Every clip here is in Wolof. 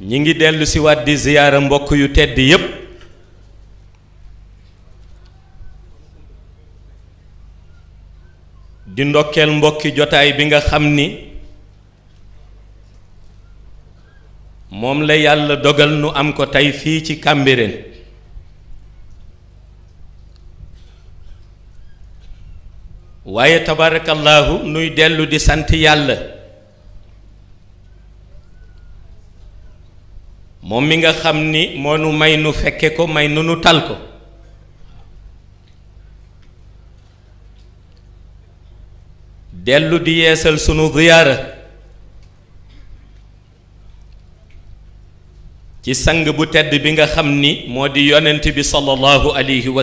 ñi ngi dellu si ziyaara mbokk yu tedd yépp di ndokkeel mbokki jotaay bi nga xam ni moom la yàlla dogal nu am ko tey fii ci Cambérène waaye tabaarakallaahu nuy dellu di sant yàlla moom mi nga xam ni moo nu may nu fekke ko may nu nu tal ko dellu di yeesal sunu ziyaara ci sang bu tedd bi nga xam ni moo di yonent bi sallallahu alayhi wa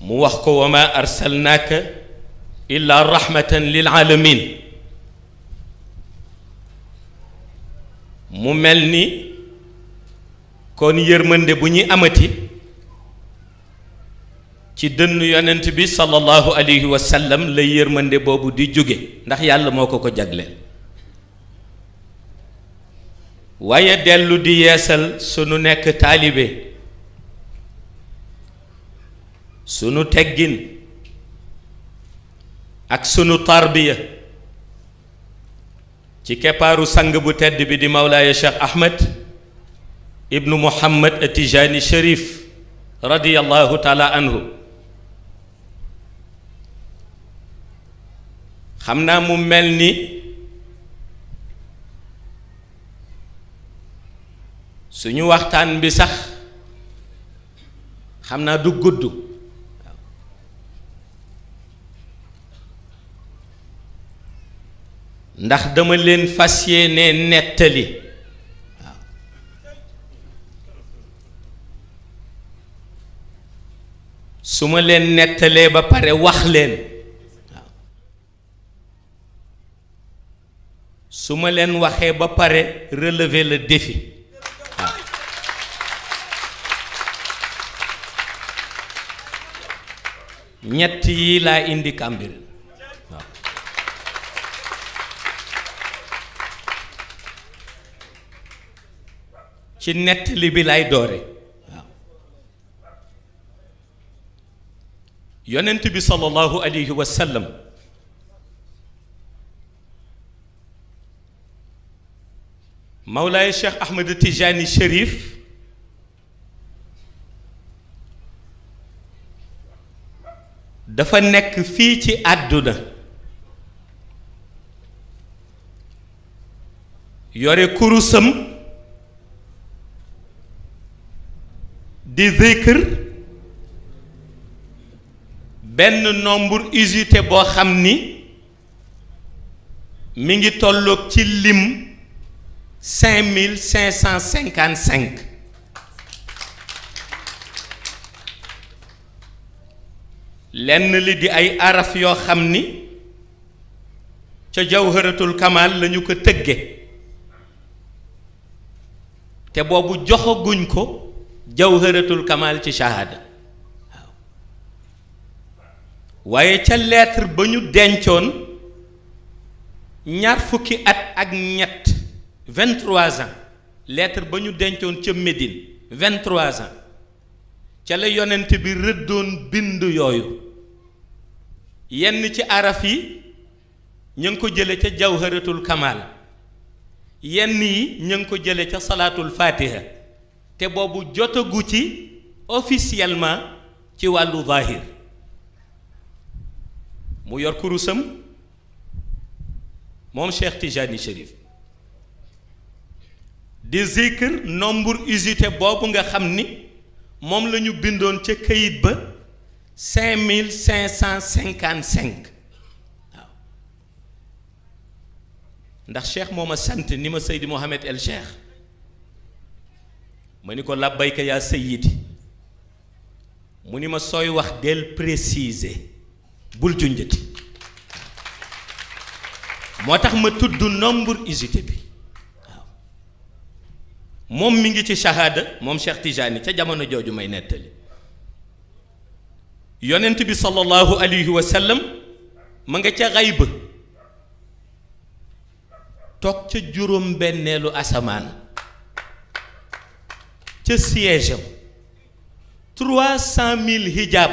mu wax ko wa ma arsalnaaka illa rahmatan lil alamin mu mel ni kon yërmande bu ñuy amati ci dënn yonent bi sallallahu alayhi wa la yërmande boobu di jóge ndax yàlla moo ko ko jagleel waaye dellu di yeesal sunu nekk taalibe sunu teggin ak sunu tarbiya ci keppaaru sang bu tedd bi di mawlaaya cheikh ahmed ibnu muhammad atijaani sharif radiallahu taala anhu xam naa mu mel ni suñu waxtaan bi sax xam naa du gudd ndax dama leen fas yéene nettali waaw su ma leen nettalee ba pare wax leen su ma leen waxee ba pare relever la défi ñett yii laa indi Cambérène ci nettali bi lay doore waaw yonent bi sallallahu alayhi wa Mawlaay Cheikh Ahmed Tijani Cherif dafa nekk fii ci àdduna yore kurusam di zikr benn nombre usité boo xam ni mi ngi tolloog ci lim cinq mille cinq cent cinquante cinq lenn li di ay araf yoo xam ni ca jawharatul kamal lañu ko tëgge te boobu joxaguñ ko jawharatul kamal ci shahada waaye ca lettre ba ñu dencoon ñaar fukki at ak ñett vingt-trois ba ñu dencoon ca Médine vingt-trois ca la yonent bi rëddoon bind yooyu yenn ci araf yi ñu ngi ko jële ca jawharatul kamal yenn yi ñu ngi ko jële ca salaatul fatiha te boobu jotagu ci officiellement ci wàllu zahir mu yor kurusam moom Cheikh Tijani Cherif di zikr nombre usité boobu nga xam ni moom lañu bindoon ca kayit ba cinq mille cinq cent cinquante cinq waaw ndax Cheikh moo ma sant ni ma Seydi Mohamed El Cheikh ma ni ko labbayka yaa sayyidi mu ni ma sooy wax del préciser bul junjati moo tax ma tudd nombre usité bi moom mu ngi ci shahada moom Cheikh Tijani ca jamono jooju may nettali yonent bi sallallahu alayhi wa sallam ma nga ca xayba toog ca juróom benneelu asamaan ca siège am trois cent mille hijab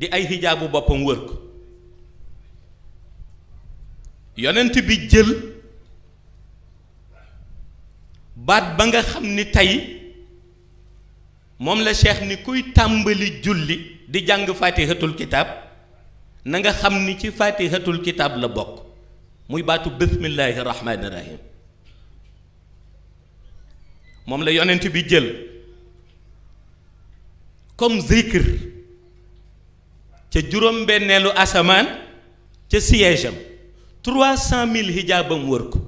di ay hijabu boppam wër ko yonent bi jël baat ba nga xam ni tey moom la cheikh ni kuy tàmbali julli di jàng fatihatul kitab na nga xam ni ci fatihatul kitab la bokk muy baatu bismillaahi rahmaani rahim moom la yonent bi jël comme zikr ca juróom-benneelu asamaan ca siège am trois cent mille hijaabam wër ko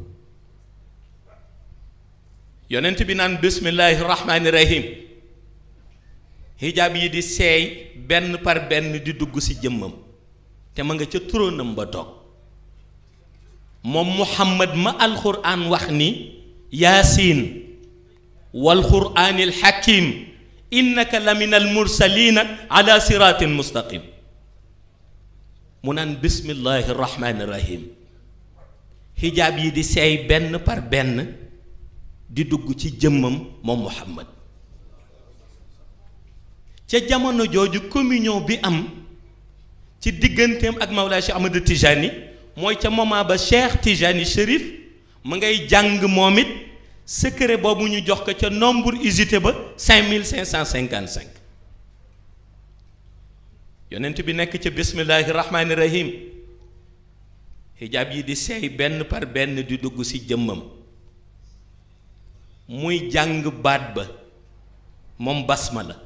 yonent bi naan bismillaahi rahmaani rahim hijaab yi di seey benn par benn di dugg ci jëmmam te ma nga ca turóonam ba toog moom muhammad ma alxuraan wax ni yaasiin wal xuraanil hakiim innaka la min al mursalina ala siratin mustaqim mu naan bismillahi rahmaani rahim xijaab yi di seey benn par benn di dugg ci jëmmam moom Muhammad ca jamono jooju communion bi am ci digganteem ak Mawlaay Cheikh Ahmad Tijani mooy ca moment ba Cheikh Tijani Chérif mu ngay jàng moom it secret boobu ñu jox ko ca nombre usité ba cinq mille cinq cent cinquante cinq yonent bi nekk ca bismillaahi rahmaani rahim xijaab yi di seey benn par benn di dugg ci jëmmam muy jàng baat ba moom basmala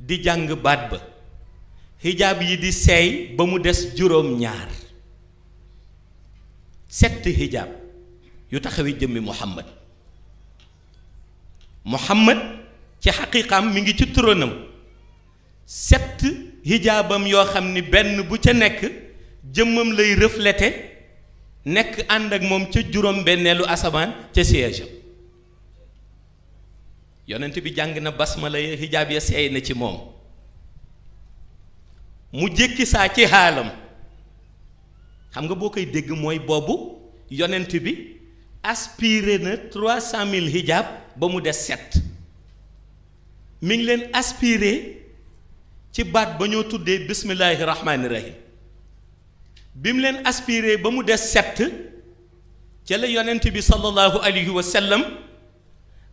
di jàng baat ba xijaab yi di seey ba mu des juróom ñaar sept xijaab yu taxawi jëmmi Muhammad muhammad ci xaqiqaam mi ngi ci turanam set hijaabam yoo xam ni benn bu ca nekk jëmmam lay reflété nekk ànd ak moom ca juróom benneelu asamaan ca siège yonent bi jàng na basmala ya hijaab ya seey na ci moom mu jëkki saa ci xaalam xam nga boo koy dégg mooy boobu yonent bi aspiré na trois cent mille hijab ba mu des sept mi ngi leen aspiré ci baat ba ñoo tuddee bismillaahi rahmaani rahim bi mu leen aspiré ba mu des sept ca la yonent bi sallallahu alayhi wa sallam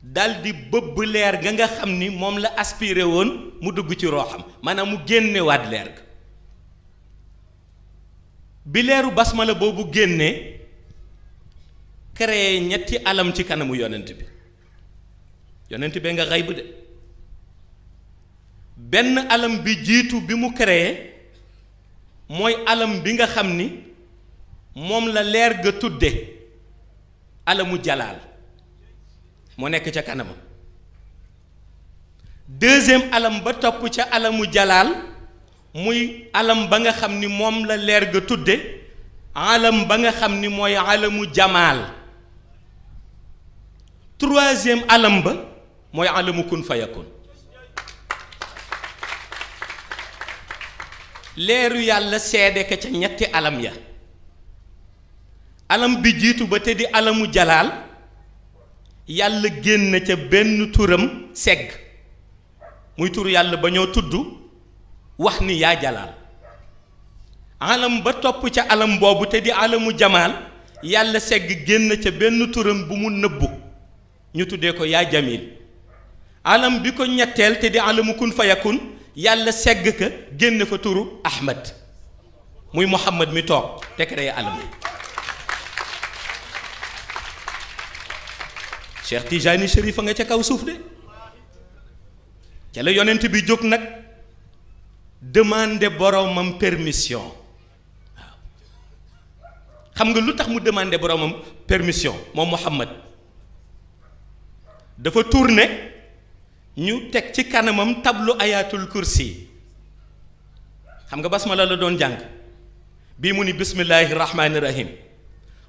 dal di bëbb leer ga nga xam ni moom la aspiré woon mu dugg ci rooxam maanaam mu génnewaat leer ga bi leeru basmala boobu génnee créé ñetti alam ci kanamu yonent bi yonent bee nga xayb de benn alam bi jiitu bi mu créé mooy alam bi nga xam ni moom la leer ga tudde alamu jalaal mu nekk ca kanamam deuxième alam ba topp ca alamu jalaal muy alam ba nga xam ni moom la leer ga tudde alam ba nga xam ni mooy alamu jamaal troisième alam ba mooy alamu kun fayakun leeru yàlla seede ka ca ñetti alam ya alam bi jiitu ba te di alamu jalaal yàlla génn ca benn turam segg muy tur yàlla ba ñoo tudd wax ni yaa jalaal alam ba topp ca alam boobu te di alamu jamaal yàlla segg génn ca benn turam bu mu nëbbu ñu tuddee ko yaa jamil alam bi ko ñetteel te di alamu kun fayakun yàlla segg ka génn fa turu ahmad muy muhammad mi toog te créé alam Cheikh Tijani Chérif a nga ca kaw suuf de ca la yonent bi jóg nag demande boromam permission waaw xam nga lu tax mu demande boromam permission moom muhammad dafa tourné ñu teg ci kanamam tablu ayatul kursi xam nga basmala la doon jàng bii mu ni bismillahi rahmaani rahim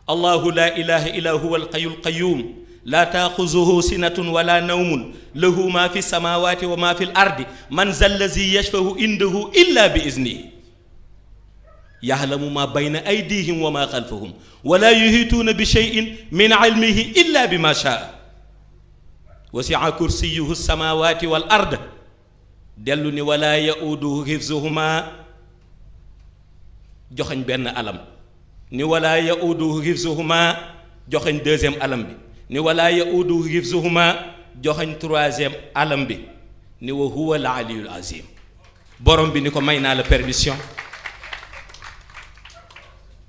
allahu laa ilaha illa huwa alqayyul qayyum laa taaxuzuhu sinatun wala nawmun lahu ma fi samawati wa ma fi l ardi man za llazi yashfahu indahu illa bi iznihi yaxlamu ma bayna aydihim wa ma xalfahum wala yuhituuna bi cheyin min ilmihi illa bi ma shaa wasia kursiyuhu samawati wal ard dellu ni wala yauduhu xifzuhuma joxañ benn alam ni wala yauduhu joxañ deuxième alam bi ni wala yauduhu xifzuhuma joxañ troisième alam bi ni wa huwa al aliyul azim borom bi ni ko may naa la permission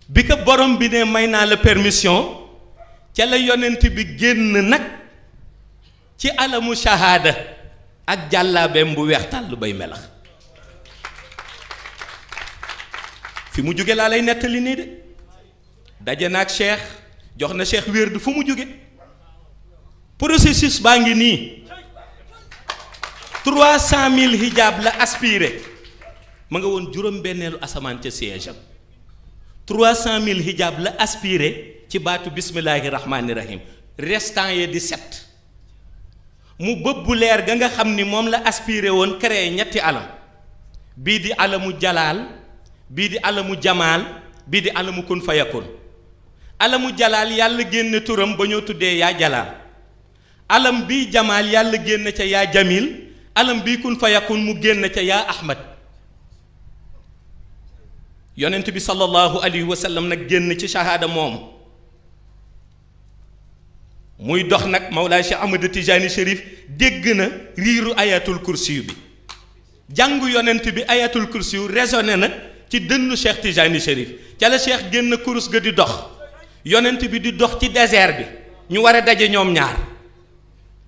bi ko borom bi ne may naa la permission ca la yonent bi génn nag ci alamu shahaada ak jàllaabeem bu weex tàll bay melax fi mu jóge laa lay nettali nii de daje na ak cheikh jox na cheikh wér du fu mu jóge processus baa ngi nii trois cent mille hijab la aspiré ma nga woon juróom-benneelu asamaan ca siège am trois cent mille hijab la aspiré ci baatu bismillaahi rahmaani rahim restant ye di sept mu bëbb leer ga nga xam ni moom la aspiré woon créé ñetti alam bii di alamu jalaal bii di alamu jamaal bii di alamu kun fayakun alamu jalaal yàlla génne turam ba ñoo tuddee yaa jalaal alam bii jamaal yàlla génn ca yaa jamil alam bii kun fayakun mu génn ca yaa ahmad yonent bi sallallahu alayhi wa sallam nag génn ci shahaada moomu muy dox nag Mawlaay Cheikh Ahmad Tijaani Chérif dégg na riiru ayatul kursi bi jàngu yonent bi ayatul kursi yu résonné na ci dënnu Cheikh Tijaani Chérif ca la Cheikh génn kurus ga di dox yonent bi di dox ci désert bi ñu war a daje ñoom ñaar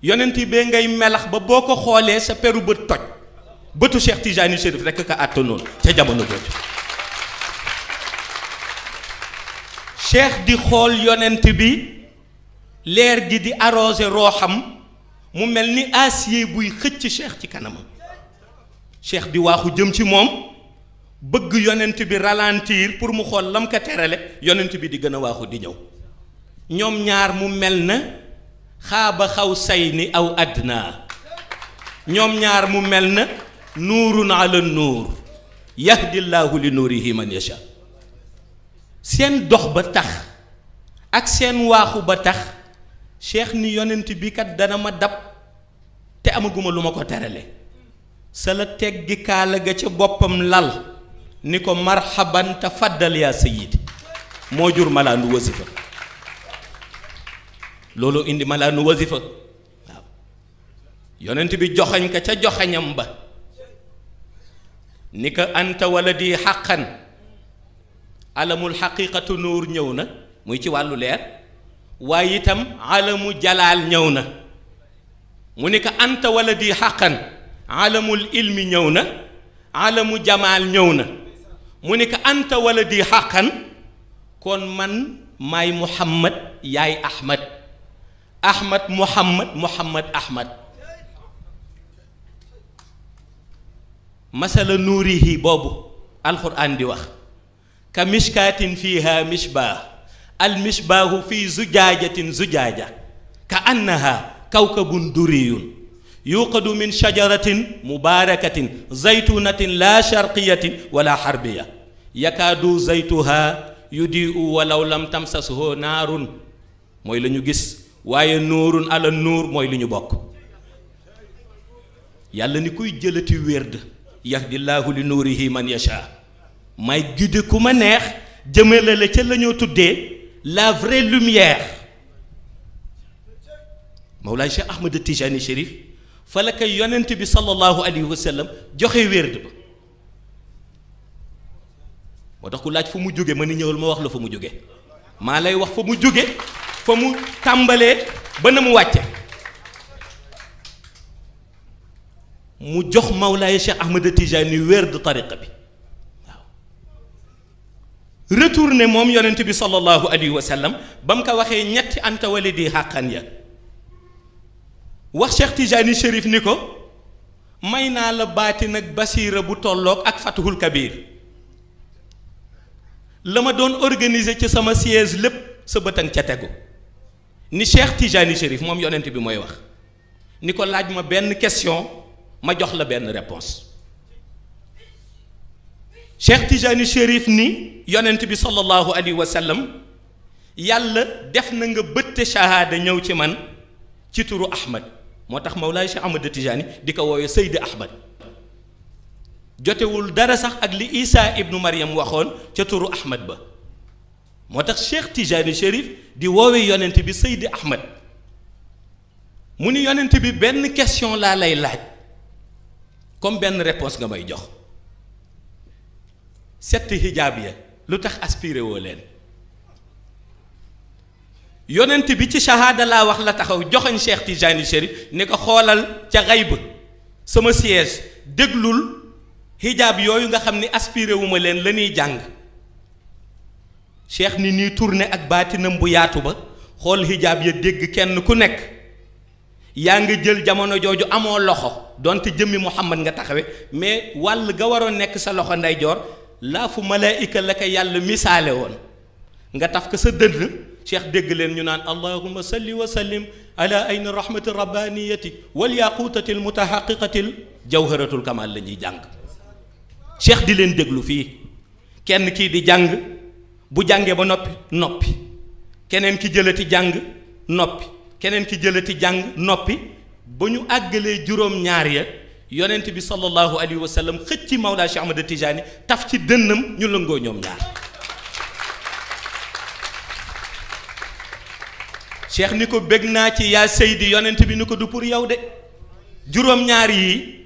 yonent bee ngay melax ba boo ko xoolee sa peru bët toj bëtu Cheikh Tijaani Chérif rekk ka àttanoon ca jamono jooju Cheikh di xool yonent bi leer gi di arrosé rooxam mu mel ni acier buy xëcc cheikh ci kanamam cheikh bi waaxu jëm ci moom bëgg yonent bi ralentir pour mu xool lam ko yonent bi di gën a waaxu di ñëw ñoom ñaar mu mel na xaaba xaw say ni aw àddina ñoom ñaar mu mel na nuurun ala nuur yahdillahu li nuurihi man yasha seen dox ba tax ak seen waaxu ba tax cheikh ni yonent bi kat dana ma dab te amaguma lu ma ko terale sa la teggi kaala ga ca boppam lal ni ko marhaban tafaddal yaa sayyidi moo jur malaanu wasifa loolu indi malaanu wasifa waaw yonent bi joxañ ka ca joxañam ba ni ko anta wala di xàqan alamul xaqiqatu nuur ñëw na muy ci wàllu leer waaye itam alamu jalaal ñëw na mu ne ko anta wala di xàqan alamul ilmi ñëw na alamu jamaal ñëw na mu ne ko anta wala di xàqan kon man maay muhammad yaay ahmad ahmad muhammad muhammad ahmad masala nuurihi boobu alxuraan di wax ka mishkaatin fiiha misbaa almisbaahu fi zujaajatin zujaaja ka annaha kawkabun duriyun yuqadu min shajaratin mubaarakatin zaytunatin laa sharqiyatin wala xarbiya yakaadu zaytuha yudiu walaw lam tamsashu naarun mooy lañu gis waaye nuurun ala nuur mooy li ñu bokk yàlla ni kuy jëlati wérd yahdillaahu li nuurihi man yashaa may giddi ku ma neex jëmale la ca la tuddee la vraie lumière Mawlaay Cheikh a Tijani Chérif fa la koy yonent bi sallallahu alayhi wa sallam joxe wérd ba moo tax ku laaj fa mu jóge ma ni ñëwal ma wax la fa mu jóge maa lay wax fa mu jóge fa mu tàmbalee ba na mu wàcce mu jox Mawlaay Cheikh Ahmed Tijani wérd tariqa bi retour ne moom yonent bi sallallahu alayhi wa sallam ba mu ko waxee ñetti anta walidi xàqan ya wax Cheikh Tijani Chérif ni ko may naa la baati nag basiira bu tolloog ak Fathul Kabir la ma doon organiser ca sama siège lépp sa bëtang ca tegu ni Cheikh Tijani Chérif moom yonent bi mooy wax ni ko laaj ma benn question ma jox la benn réponse Cheikh Tijani Chérif ni yonent bi sallallahu alayhi wa sallam yàlla def na nga bëtte shahaada ñëw ci man ci turu Ahmad moo tax Mawlaay Cheikh Ahmad Tijani di ko woowee Seydi Ahmad jotewul dara sax ak li Isaa ibnu Maryam waxoon ca turu Ahmad ba moo tax Cheikh Tijani Chérif di woowee yonent bi Seydi Ahmad mu ni yonent bi benn question laa lay laaj comme benn réponse nga may jox. sett hijaab ya lu tax aspiré woo leen yonent bi ci shahada laa wax la taxaw joxoñ Cheikh Tijani Chérif ne ko xoolal ca xayba sama siège déglul hijaab yooyu nga xam ni aspiré wu ma leen la jàng cheikh ni nuy tourné ak baatinam bu yaatu ba xool hijaab ya dégg kenn ku nekk yaa ngi jël jamono jooju amoo loxo donte jëmmi Muhammad nga taxawe mais wàll ga waroon nekk sa loxo ndeyjoor laafu malaayika la ko yàlla misaale woon nga taf ko sa dënn cheikh dégg leen ñu naan allahuma salli wa sallim ala ayni rahmati rabbaniyati wal yaquutati l mutahaqiqati l jawharatul la ñuy jàng cheikh di leen déglu fii kenn kii di jàng bu jàngee ba noppi noppi keneen ki jëlati jàng noppi keneen ki jëlati jàng noppi ba ñu àggalee juróom-ñaar ya yonent bi sallallahu alayhi wa sallam xëcc ci Mawlaa Cheikh Ahmada taf ci dënnam ñu lëngoo ñoom ñaar cheikh ni ko bëgg naa ci yaa seydi yonent bi ni ko du pour yow de juróom ñaari yi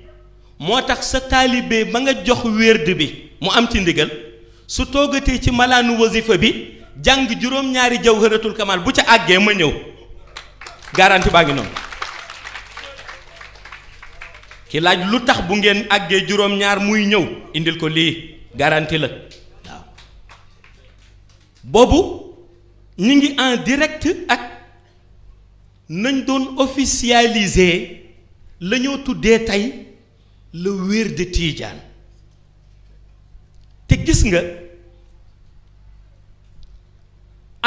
moo tax sa taalibe ba nga jox wérd bi mu am ci ndigal su toogatee ci malaanu wasifa bi jàng juróom-ñaari jawharatul kamal bu ca àggee ma ñëw garanti baa ngi noonu ki laaj lu tax bu ngeen àggee juróom-ñaar muy ñëw indil ko lii garanti la waaw boobu ñu ngi en direct ak nañ doon officialiser lañoo ñoo tuddee tey le wér de Tidiane te gis nga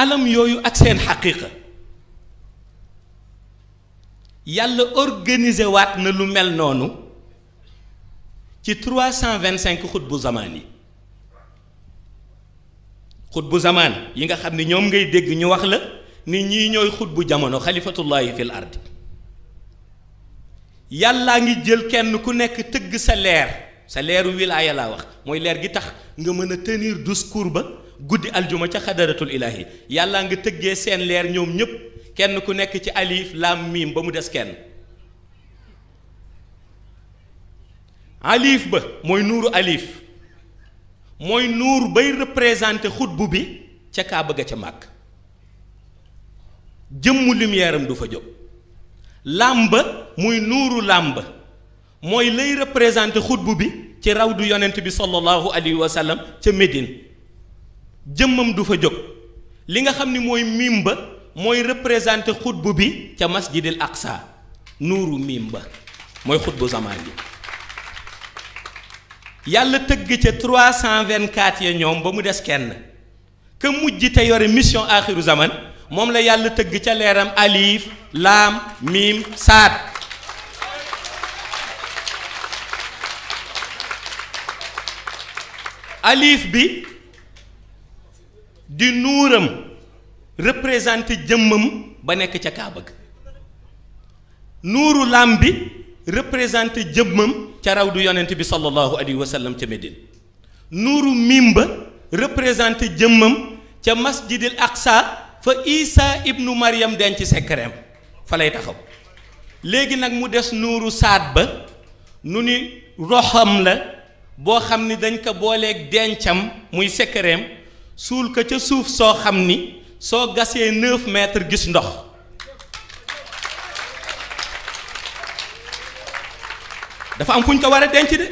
alam yooyu ak seen xaqiiqa yàlla organiser waat na lu mel noonu ci 325 xutbu zamaan yi bu zamaan yi nga xam ni ñoom ngay dégg ñu wax la ni ñii ñooy bu jamono xalifatullahi fil ard yàllaa ngi jël kenn ku nekk tëgg sa leer sa leeru wilaaya laa wax mooy leer gi tax nga mën a tenir discours ba guddi aljuma ca xadaratul ilaahi yàllaa nga tëggee seen leer ñoom ñépp kenn ku nekk ci alif lam miim ba mu des kenn alif ba mooy nuuru alif mooy nuur bay représenté xutbu bi ca kaa bëgg ca màkk jëmmu lumière am du fa jóg làmba muy nuuru làmba mooy lay représenté xutbu bi ci raw du yonent bi sallallahu alayhi wa sallam ca Médine jëmmam du fa jóg li nga xam ni mooy miim ba mooy représenté xutbu bi ca masjidil aqsa nuuru miim ba mooy xutbu zamaan bi yàlla tëgg ca trois cent vingt quatre ya ñoom ba mu des kenn ka mujj te yore mission axiru zaman moom la yàlla tëgg ca leeram alif laam miim saad alif bi di nuuram représenté jëmmam ba nekk ca kaaba ga nuuru laam bi représenté jëmmam ca raw du yonent bi sallallahu alayhi wa sallam ca Médine nuuru mim ba représenté jëmmam ca masjidil aqsa fa isa ibnu mariam denc sekkereem fa lay taxaw léegi nag mu des nuuru saat ba nu ni roxam la boo xam ni dañ ko booleeg dencam muy sekkereem suul ko ca suuf soo xam ni soo gasee 9 mètres gis ndox dafa am fu ñu ko war a denc de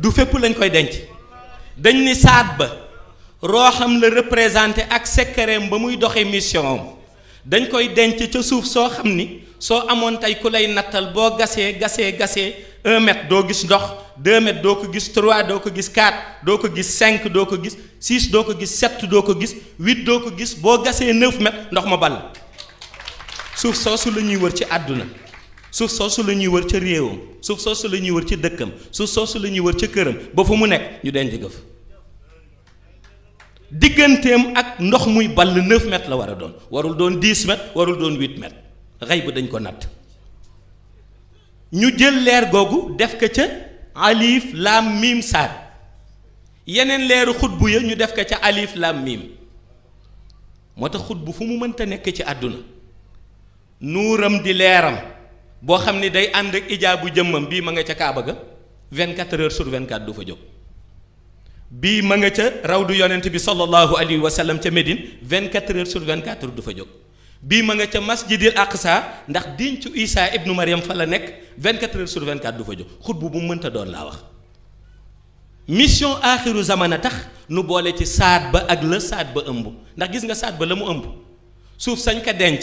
du fépp lañ koy denc dañ ni saat ba rooxam la représenté ak sekkareem ba muy doxee mission dañ koy denc ca suuf soo xam ni soo amoon tey ku lay nattal boo gasee gasee gasee un mètre doo gis ndox deux mètres doo ko gis trois doo ko gis quatre doo ko gis cinq doo ko gis six doo ko gis sept doo ko gis huit doo ko gis boo gasee neuf mètres ndox ma ball suuf soosu la ñuy wër ci àdduna suuf soosu la ñuy wër ca réewam suuf soosu la ñuy wër ca dëkkam suuf soosu la ñuy wër ca këram ba fu mu nekk ñu denc ko fa digganteem ak ndox muy ball 9 la war a doon warul doon 10 mètres warul doon 8 mètres xëy ba dañ ko natt ñu jël leer googu def ko ca alif lam mim saad yeneen leeru xutbu ya ñu def ko ca alif lam mim moo tax xutbu fu mu mënta nekk ci àdduna nuuram di leeram boo xam ni day ànd ak ijaabu jëmmam bii ma nga ca Kaaba ga 24 heures sur 24 du fa jóg bii ma nga ca rawdu yonent bi sallallahu alayhi wa sallam ca Médine 24 heures sur 24 du fa jóg bii ma nga ca masjidil aqsa ndax dencu Isa ibnu Maryam fa la nekk 24 heures sur 24 du fa jóg xutbu bu mu mënta doon laa wax mission aaxiru zamana tax nu boole ci saat ba ak la saat ba ëmb ndax gis nga saat ba la mu ëmb suuf sañ ko denc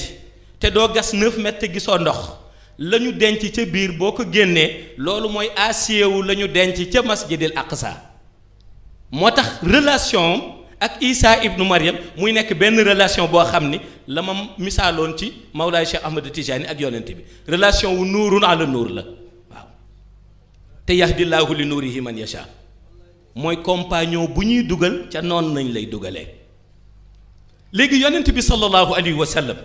te doo gas 9 mètres te gisoo ndox. la ñu denc ca biir boo ko génnee loolu mooy asiewu la ñu denc ca masjidil aqsa moo tax relation ak Isa ibnu Maryam muy nekk benn relation boo xam ni la ma misaaloon ci Mawlaay Cheikh Ahmad Tijaani ak yonent bi relation wu nuurun ala nuur la waaw te yahdillaahu li nuurihi man yasha mooy compagnon bu ñuy dugal ca noon nañ lay dugalee léegi yonent bi sallallahu alayhi wa sallam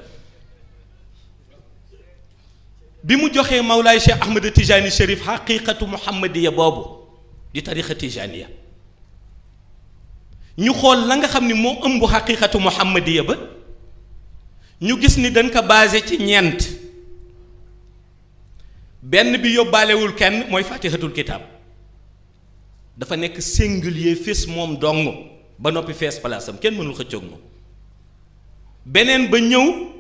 bi mu joxee Mawlaay Cheikh Ahmed Tijani Cherif xaqiqatu muhammadiya boobu di tariqa tijaniya ñu xool la nga xam ni moo ëmb xaqiqatu muhammadiya ba ñu gis ni dañ ko basé ci ñeent benn bi yóbbaalewul kenn mooy fatihatul kitaab dafa nekk singulier fés moom dong ba noppi fees palaasam kenn mënul xëccoog moom beneen ba ñëw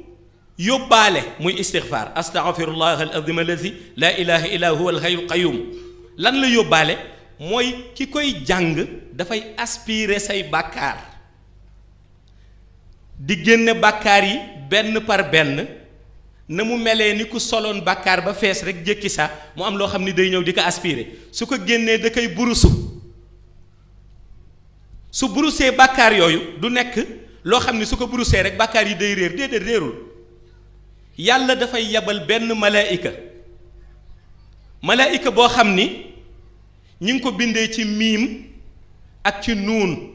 yóbbaale muy istixfaar astaghfirullah al azim allazi laa ilaha illa huwa al hayyul lan la yóbbaale mooy ki koy jàng dafay aspiire say bàkkaar di génne bàkkaar yi benn par benn na mu melee ni ku soloon bàkkaar ba fees rek jékki sa mu am loo xam ni day ñëw di ko aspirer su ko génnee da koy burusu su burusee bàkkaar yooyu du nekk loo xam ni su ko burusee rek bàkkaar yi day réer déedéet réerul yàlla dafay yabal benn malaayika malaayika boo xam ni ñu ngi ko bindee ci miim ak ci nuun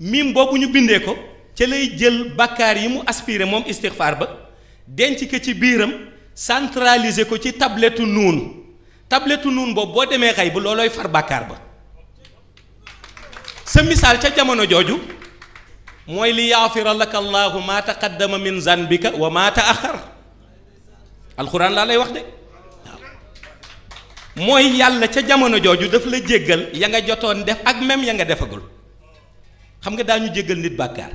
miim boobu ñu bindee ko ca lay jël bàkkaar yi mu aspiré moom istixfaar ba denc ko ci biiram centraliser ko ci tabletu nuun tabletu nuun boobu boo demee xay bu loolooy far bàkkaar ba sa misaal ca jamono jooju mooy li yaafira laka allaahu maa taqaddama min zanbika wa maata taaxar alxuraan laa lay wax de waaw mooy yàlla ca jamono jooju daf la jéggal ya nga jotoon def ak même ya nga defagul xam nga daañu jéggal nit bàkkaar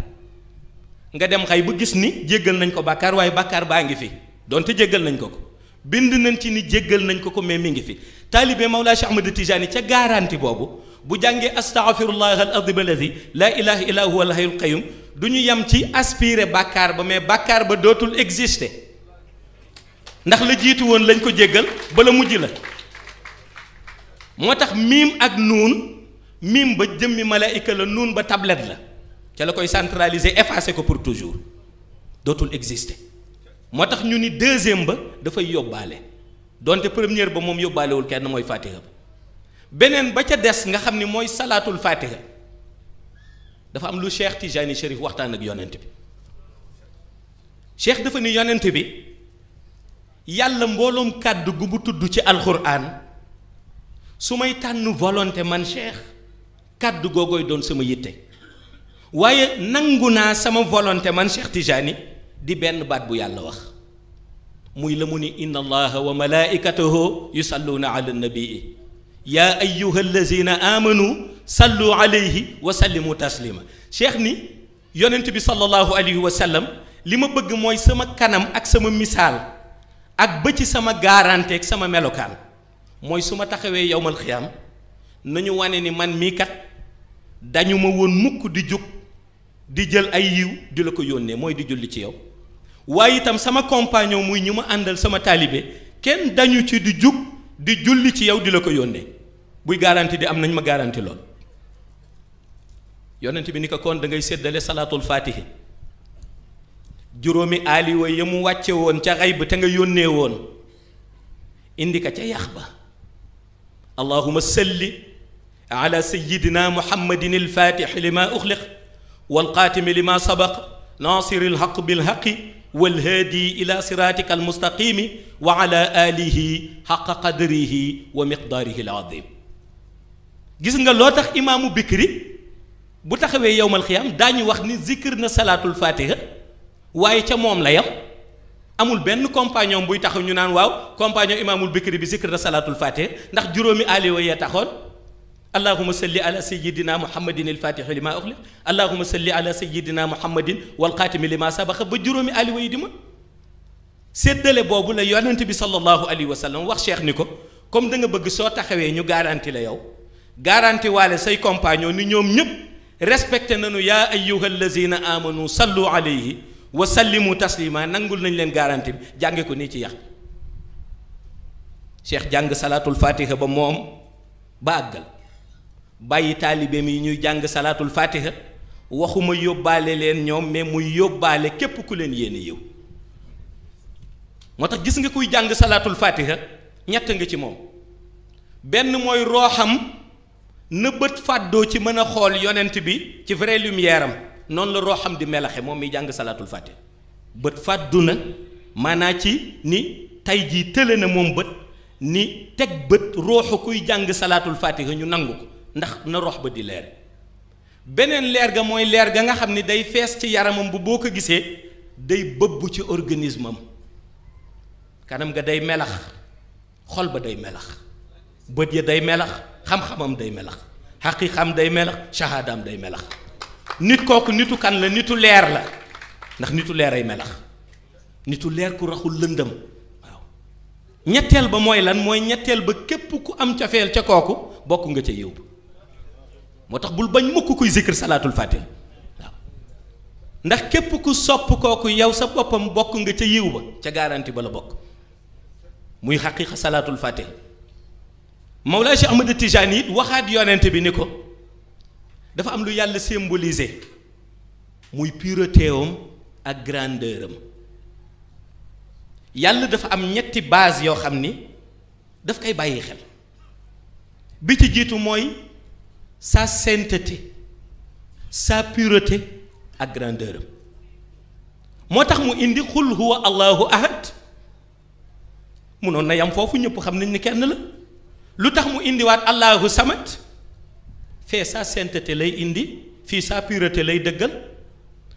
nga dem xay bu gis ni jéggal nañ ko bàkkaar waaye bàkkaar baa ngi fi donte jéggal nañ ko ko bind nañ ci ni jéggal nañ ko ko mais mi ngi fi taalibe Mawlaa Cheikh Ahmad Tijaani ca gaaranti boobu bu jàngee astaghfirullah al azim alladi laa ilaha illa huwa al hayyul du ñu yem ci aspirer bàkkaar ba mais bàkkaar ba dootul exister ndax la jiitu woon lañ ko jéggal bala mujj la moo tax miim ak nuun miim ba jëmmi malaayika la nuun ba tablette la ca la koy centraliser effacer ko pour toujours dootul exister moo tax ñu ni deuxième ba dafay yóbbaale donte première ba moom yóbbaalewul kenn mooy fatiha ba beneen ba ca des nga xam ni mooy salaatul fatiha dafa am lu Cheikh Tijani Chérif waxtaan ak yonent bi Cheikh dafa ni yonent bi yàlla mbooloom kàddu gu mu tudd ci alxuraan su may tànn volonté man Cheikh kàdd googooy doon sama yitte waaye nangu naa sama volonté man Cheikh Tijani di benn baat bu yàlla wax muy la mu ni inna allaha wa malaikatahu yusalluuna ala nabii yaa ayyuha allazina amanu sallu alayhi wa sallimu taslima cheikh ni yonent bi sallallahu alayhi wa sallam li ma bëgg mooy sama kanam ak sama misaal ak ba ci sama gaarante ak sama melokaan mooy su ma taxawee yowmal xiyaam nañu wane ni man mii kat dañu ma woon mukk di jóg di jël ay yiw di la ko yónnee mooy di julli ci yow waaye itam sama compagnon muy ñu ma àndal sama taalibe kenn dañu ci di jug di julli ci yow di la ko yónnee buy garanti di am nañ ma garanti lool yonent bi ni ko kon da ngay séddale salaatul faatihi juróomi aaliwa ya mu wàcce woon ca xayb te nga yónnee woon indi ka ca yax ba allahuma salli ala sayidina muhammadin alfaatixi li ma uxliq walxaatimi li ma sabaq nasiri alxaq والهادي إلى صراطك المستقيم وعلى آله حق قدره ومقداره العظيم gis nga loo tax imaamu Bikri bu taxawee yowmal daa ñu wax ni zikir na salaatul fatiha waaye ca moom la yam amul benn compagnon buy taxaw ñu naan waaw compagnon imaamul Bikri bi zikir na salaatul fatiha ndax juróomi aliwa yee taxoon allahuma salli ala sayidina muhammadin ilfatixi li maa uxli allahuma salli ala sayidina muhammadin walxaatimi li maa sabaxa ba juróomi aliwa yi di ma séddale boobu la yonent bi sallallahu alayhi wa sallam wax cheikh ni ko comme da nga bëgg soo taxawee ñu garanti la yow garanti waale say compagnon ni ñoom ñëpp respecté nañu yaa ayyuha allazina amanu sallu alayhi wa sallimu taslima nangul nañ leen garanti bi jànge ko nii ci yàq cheikh jàng salaatul fatiha ba moom ba àggal bàyyi taalibeem yi ñuy jàng salaatul faatiha waxuma yóbbaale leen ñoom mais muy yóbbaale képp ku leen yéene yiw moo tax gis nga kuy jàng salaatul faatiha ñett nga ci moom benn mooy rooxam na bët fàddoo ci mën a xool yonent bi ci vraie lumière noonu la rooxam di melaxe moom miy jàng salaatul faatiha bët fàddu na maanaa ci ni tey jii tële na moom bët ni teg bët rooxu kuy jàng salaatul faatiha ñu nangu ko ndax na rox ba di leer beneen leer ga mooy leer ga nga xam ni day fees ci yaramam bu boo ko gisee day bëbb ci organismam kanam nga day melax xol ba day melax bët ya day melax xam-xamam day melax xam day melax shahaadaam day melax nit kooku nitu kan la nitu leer la ndax nitu leer ay melax nitu leer ku raxul lëndëm waaw ñetteel ba mooy lan mooy ñetteel ba képp ku am cafeel ca kooku bokk nga ca yëw moo tax bul bañ mukk kuy zikr salaatul fàtte waaw ndax képp ku sopp kooku yow sa boppam bokk nga ca yiw ba ca garanti ba la bokk muy xaqiqa salaatul faatih Mawlaa Cheikh Ahmad Tijaan it waxaat yonent bi ni ko dafa am lu yàlla symbolisé muy pureté ak grandeur yàlla dafa am ñetti base yoo xam ni daf koy bàyyi xel bi ci jiitu mooy saa sainteté sa pureté ak grandeur moo tax mu indi xul huwa allahu ahad munoon na yam foofu ñëpp xam nañ ni kenn la lu tax mu indiwaat allahu samat fee sa senteté lay indi fii sa pureté lay dëggal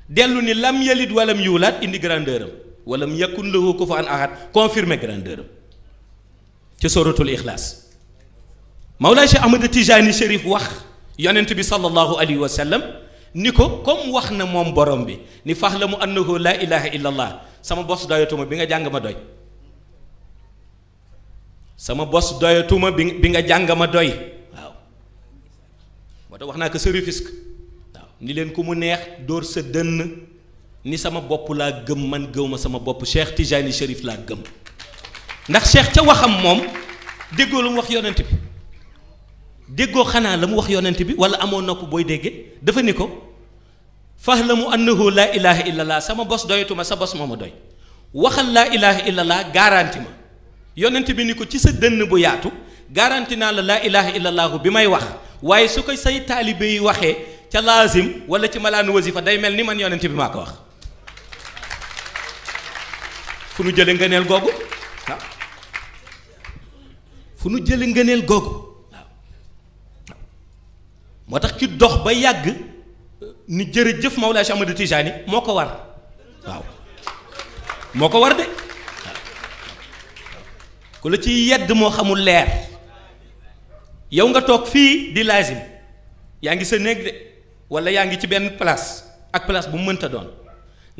dellu ni lam yalid walam yuulaat indi grandeur am walam yakun lahu kufuwan ahad confirmé grandeur am ci suratul ixlaas Mawlaa Cheikh Ahmad Tijaani Chérif wax yonent bi sallallahu alayhi wa sallam ni ko comme wax na moom borom bi ni fax la mu annahu laa ilaha illa allah sama bos doyatuma bi nga jàng ma doy sama bos doyatuma bi bi nga jàng doy waaw moo wax naa ko sa rifisk waaw ni leen ku mu neex dóor sa dënn ni sama bopp laa gëm man gëw ma sama bopp Cheikh Tijani Chérif laa gëm ndax Cheikh ca waxam moom déggoo lu mu wax yonent bi déggoo xanaa la mu wax yonent bi wala amoo nopp booy déggee dafa ni ko fahlamu annahu laa ilaha illallah sama bos doyatuma sa bos moo ma doy waxal laa ilaha illallah garanti ma yonent bi ni ko ci sa dënn bu yaatu garanti naa la laa ilaha illallahu bi may wax waaye su ko say taalibe yi waxee ca laasim wala ci malaanu wasifa day mel ni man yonent bi maa ko wax fu nu jële ngëneel googu fu nu jële ngëneel googu moo tax ki dox ba yàgg ni jërëjëf Mawlaay Cheikh Ahmad Tijaani moo ko war waaw moo ko war de ku la ci yedd moo xamul leer yow nga toog fii di laazim yaa ngi sa néeg de wala yaa ngi ci benn place ak place bu mënta doon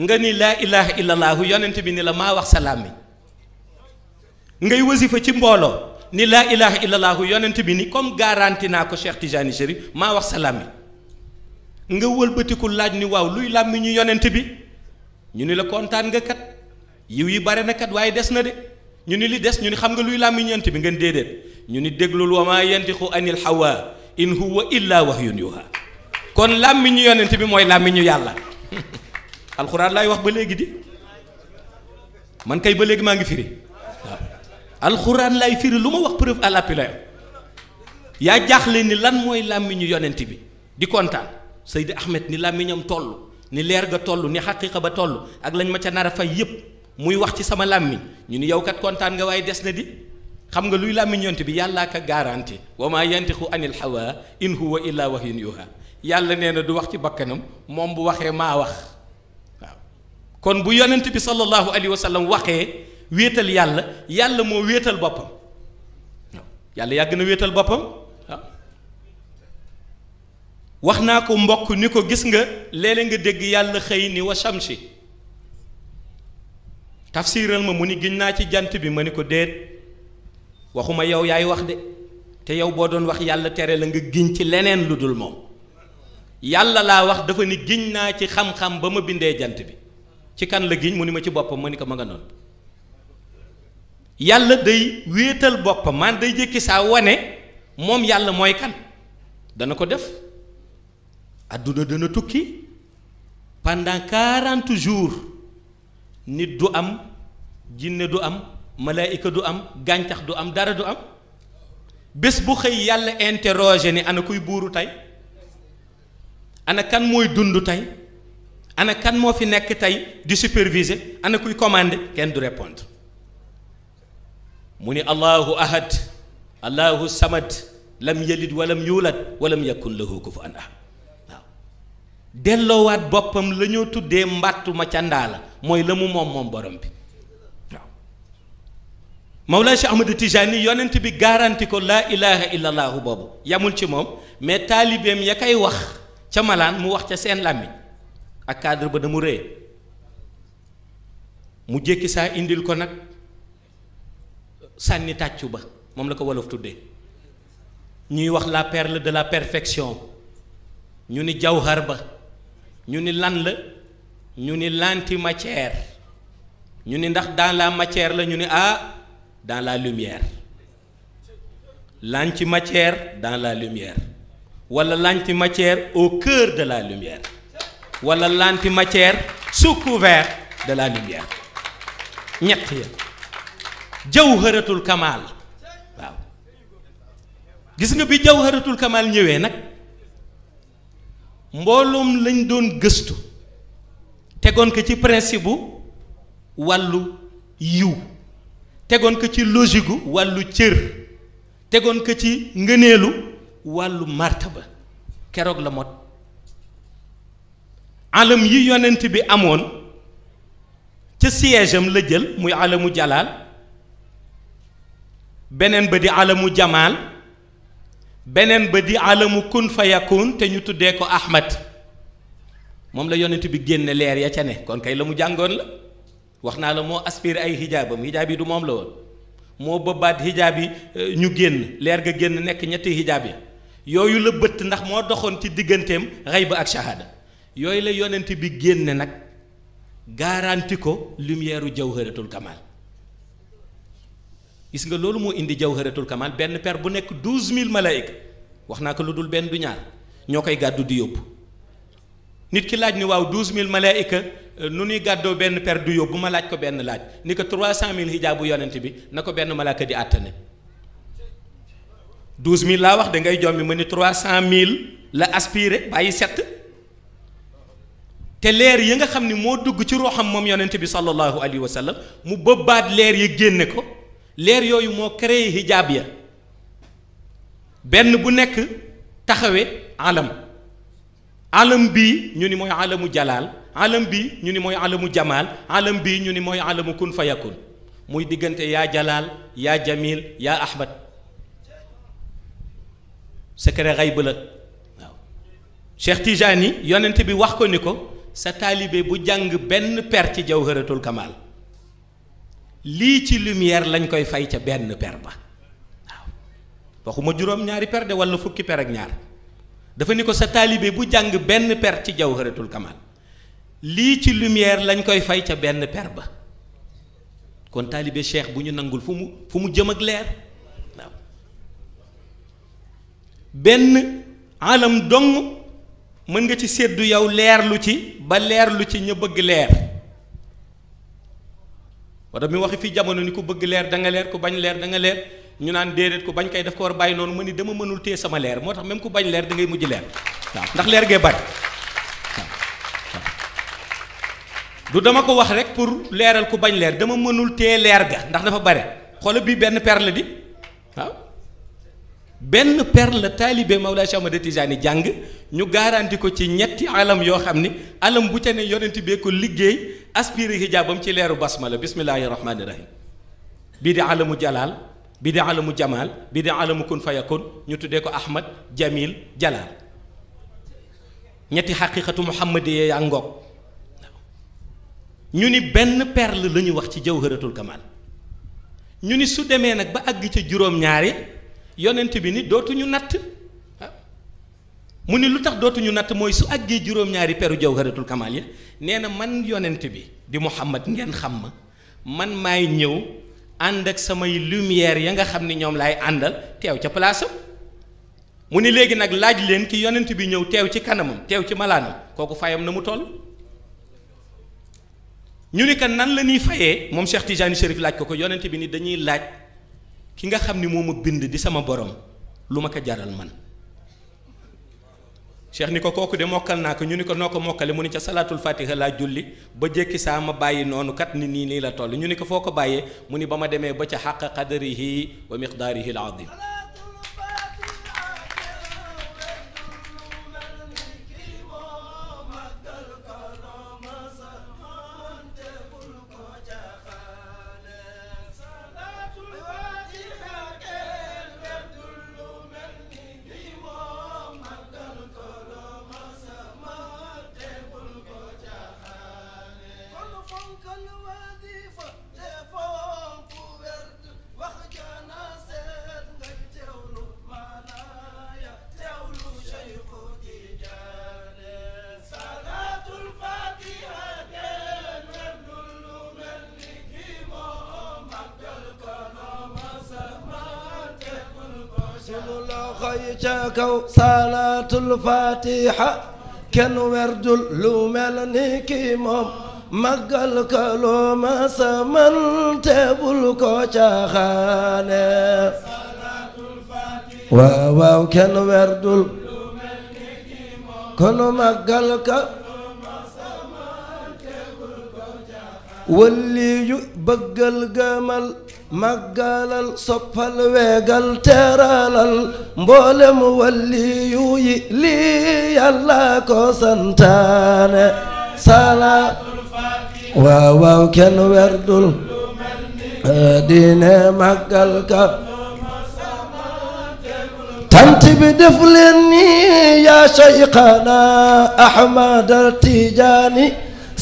nga ni laa ilaha illallahu yonent bi ni la maa wax sa làmmiñ ngay wasifa ci mbooloo ni laa ilaha illallahu yonent bi ni comme garanti naa ko Cheikh Tijani Chérif maa wax sa làmmiñ nga wëlbatiku laaj ni waaw luy làmmiñu yonent bi ñu ni la kontaan nga kat yiw yi bare na kat waaye des na de ñu ni li des ñu ni xam nga luy làmmiñu yonent bi ngeen déedéet ñu ni déglul wa maa yantixu anil hawa in huwa illa wahyun yuha kon làmmiñu yonent bi mooy làmmiñu yàlla alxuraan laay wax ba léegi di man kay ba léegi maa ngi firi alxuraan lay firi lu ma wax preuve à l'appui la yaa jaaxle ni lan mooy làmmiñu yonent bi di kontaan Seydi Ahmed ni làmmiñam toll ni leer ga toll ni xaqiiqa ba toll ak lañ ma ca nar a fay yépp muy wax ci sama làmmiñ ñu ni yow kat kontaan nga waaye des na di xam nga luy làmmiñ yonent bi yàllaa ka garanti wa maa yantixu anil hawa in huwa illaa wahyun yuha yàlla nee na du wax ci bakkanam moom bu waxee maa wax waaw kon bu yonent bi sallallahu alayhi wa wéetal yàlla yàlla moo wéetal boppam yàlla yàgg na wéetal boppam wax naa ko mbokk ni ko gis nga léeg nga dégg yàlla xëy ni wa shamsi tafsiral ma mu ni giñ naa ci jant bi ma ni ko déet waxuma yow yaay wax de te yow boo doon wax yàlla tere la nga giñ ci leneen lu dul moom yàlla laa wax dafa ni giñ naa ci xam-xam ba ma bindee jant bi ci kan la giñ mu ni ma ci boppam ma ni ko ma nga noonu yàlla day wéetal boppam man day jékki saa wane moom yàlla mooy kan dana ko def àdduna dana tukki pendant quarante jours nit du am jinne du am malaayika du am gàncax du am dara du am bés bu xëy yàlla interroger ni ana kuy buuru tey ana kan mooy dund tey ana kan moo fi nekk tey di superviser ana kuy commandé kenn du répondre mu ni allahu ahad allahu samad lam yalid walam yuulad walam yakun lahu kufuwan ahad waaw delloowaat boppam la tuddee mbàttuma ca ndaa la mooy la mu moom moom borom bi waaw Mawlaa Cheikh Ahmadou Tijani yonent bi garanti ko laa ilaha illallahu boobu yamul ci moom mais taalibeem ya kay wax ca malaan mu wax ca seen làmmiñ ak cadre ba na mu mu jékki saa indil ko nag sànni tàccu ba moom la ko wolof tuddee ñuy wax la perle de la perfection ñu ni jawhar ba ñu ni lan la ñu ni l'antimatière ñu ni ndax dans la matière la ñu ni ah dans la lumière l'antimatière dans la lumière walla wala matière au cœur de la lumière wala l'antimatière sous couvert de la lumière ñett ya jawharatul kamal waaw gis nga bi jawharatul kamal ñëwee nag mbooloom lañ doon gëstu tegoon ko ci principe bu wàllu yiw tegoon ko ci logique gu wàllu cër tegoon ko ci ngëneelu wàllu martaba keroog la mot alam yi yonent bi amoon ca siège la jël muy alamu jalaal beneen ba di alamu jamaal beneen ba di alamu kun fayakun te ñu tuddee ko ahmad moom la yonent bi génne leer ya ca ne kon kay la mu jàngoon la wax naa la moo aspir ay hijaabam hijaab yi du moom la woon moo bëbaat hijaab yi euh, ñu génn leer ga génn nekk ñetti hijaab yi yooyu la bëtt ndax moo doxoon ci digganteem xayba ak shahada yooyu la yonent bi génne nag garanti ko lumière u jawharatul kamal gis nga loolu moo indi jawharatul kamal benn per bu nekk douze mil malaayika wax naa ko lu dul benn du ñaar ñoo koy gàddu di yóbbu nit ki laaj ni waaw douze mille malaayika euh, nu nuy gàddoo benn per du yóbbu ma laaj ko benn laaj ni ko trois cent mille hijaabu yonent bi na ko benn malaaka di àttane douze mille laa wax da ngay ma ni trois cent mille la aspiré bàyyi set te leer yi nga xam ni moo dugg ci ruuxam moom yonent bi sallallahu alayhi wa sallam mu bëbbaat leer yi génne ko leer yooyu moo créé hijab ya benn bu nekk taxawe alam alam bi ñu ni mooy alamu jalaal alam bii ñu ni mooy alamu jamaal alam bi ñu ni mooy alamu kun muy diggante yaa jalaal yaa jamil yaa ahmad secret xayb la waaw Cheikh Tijani yonent bi wax ko ni ko sa taalibe bu jàng benn per ci jawharatul kamal lii ci lumière lañ koy fay ca benn per ba waaw waxuma juróom-ñaari per de wala fukki per ak ñaar dafa ni ko sa taalibe bu jàng benn per ci Jawharatul Kamal lii ci lumière lañ koy fay ca benn per ba kon taalibe cheikh bu ñu nangul fu mu fu mu jëm ak leer waaw benn alam dong mën nga ci séddu yow leerlu ci ba leerlu ci ñu bëgg leer wala mi wax fii jamono ni ku bëgg leer danga leer ku bañ leer danga leer ñu naan déedéet ku bañ kay daf ko war a bàyyi noonu ma ni dama mënul téye sama leer moo tax même ku bañ leer da ngay mujj leer waaw ndax leer gee bari du dama ko wax rek pour leeral ku bañ leer dama mënul téye leer ga ndax dafa bare xoola bii benn perl di waaw benn perle taalibe Mawlaa Cheikh Ahmad Tijaani jàng ñu garanti ko ci ñetti alam yoo xam ni alam bu ca ne yonent bee ko liggéey aspiré hijaabam ci leeru basmala bismillaahi rahmaani rahim bii di alamu jalaal bii di alamu jamaal bii di alamu kun fayakun ñu tuddee ko ahmad jamil jalaal ñetti xaqiiqatu muhammadiyya yaa ngoog ñu ni benn perle la ñu wax ci jëw jawharatul kamal ñu ni su demee nag ba àgg ca juróom-ñaari yonent bi ni dootuñu natt mu ni lu tax dootuñu natt mooy su àggee juróom-ñaari peru jawharatul kamal ya nee na man yonent bi di Muhammad ngeen xam ma man maay ñëw ànd ak samay lumière ya nga xam ni ñoom laay àndal teew ca palaasam mu ni léegi nag laaj leen ki yonent bi ñëw teew ci kanamam teew ci malaanam kooku fayam na mu toll ñu ni kan nan la ñuy fayee moom Cheikh Tijani Chérif laaj ko ko yonent bi nii dañuy laaj ki nga xam ni moo ma bind di sama borom lu ma ko jaral man cheikh ni ko kooku de mokkal naa ko ñu ni ko noo ko mokkale mu ni ca salaatul fatiha laa julli ba jékki saa ma bàyyi noonu kat ni nii nii la toll ñu ni ko foo ko bàyyee mu ni ba ma demee ba ca xàq qadarihi wa miqdaarihi al azim dul fatiha kenn werdul lu mel ni kii moom màggal ka loo ma sa man te bul ko caaxaane waaw waaw kenn werdul kon màggal ka walli yu bëggal gëmal màggalal soppal weegal teeralal mboolem walliyu yi ko santaane salaatul faatiha kenn werdul diine màggal ka tant bi def leen ni yaa shaykhana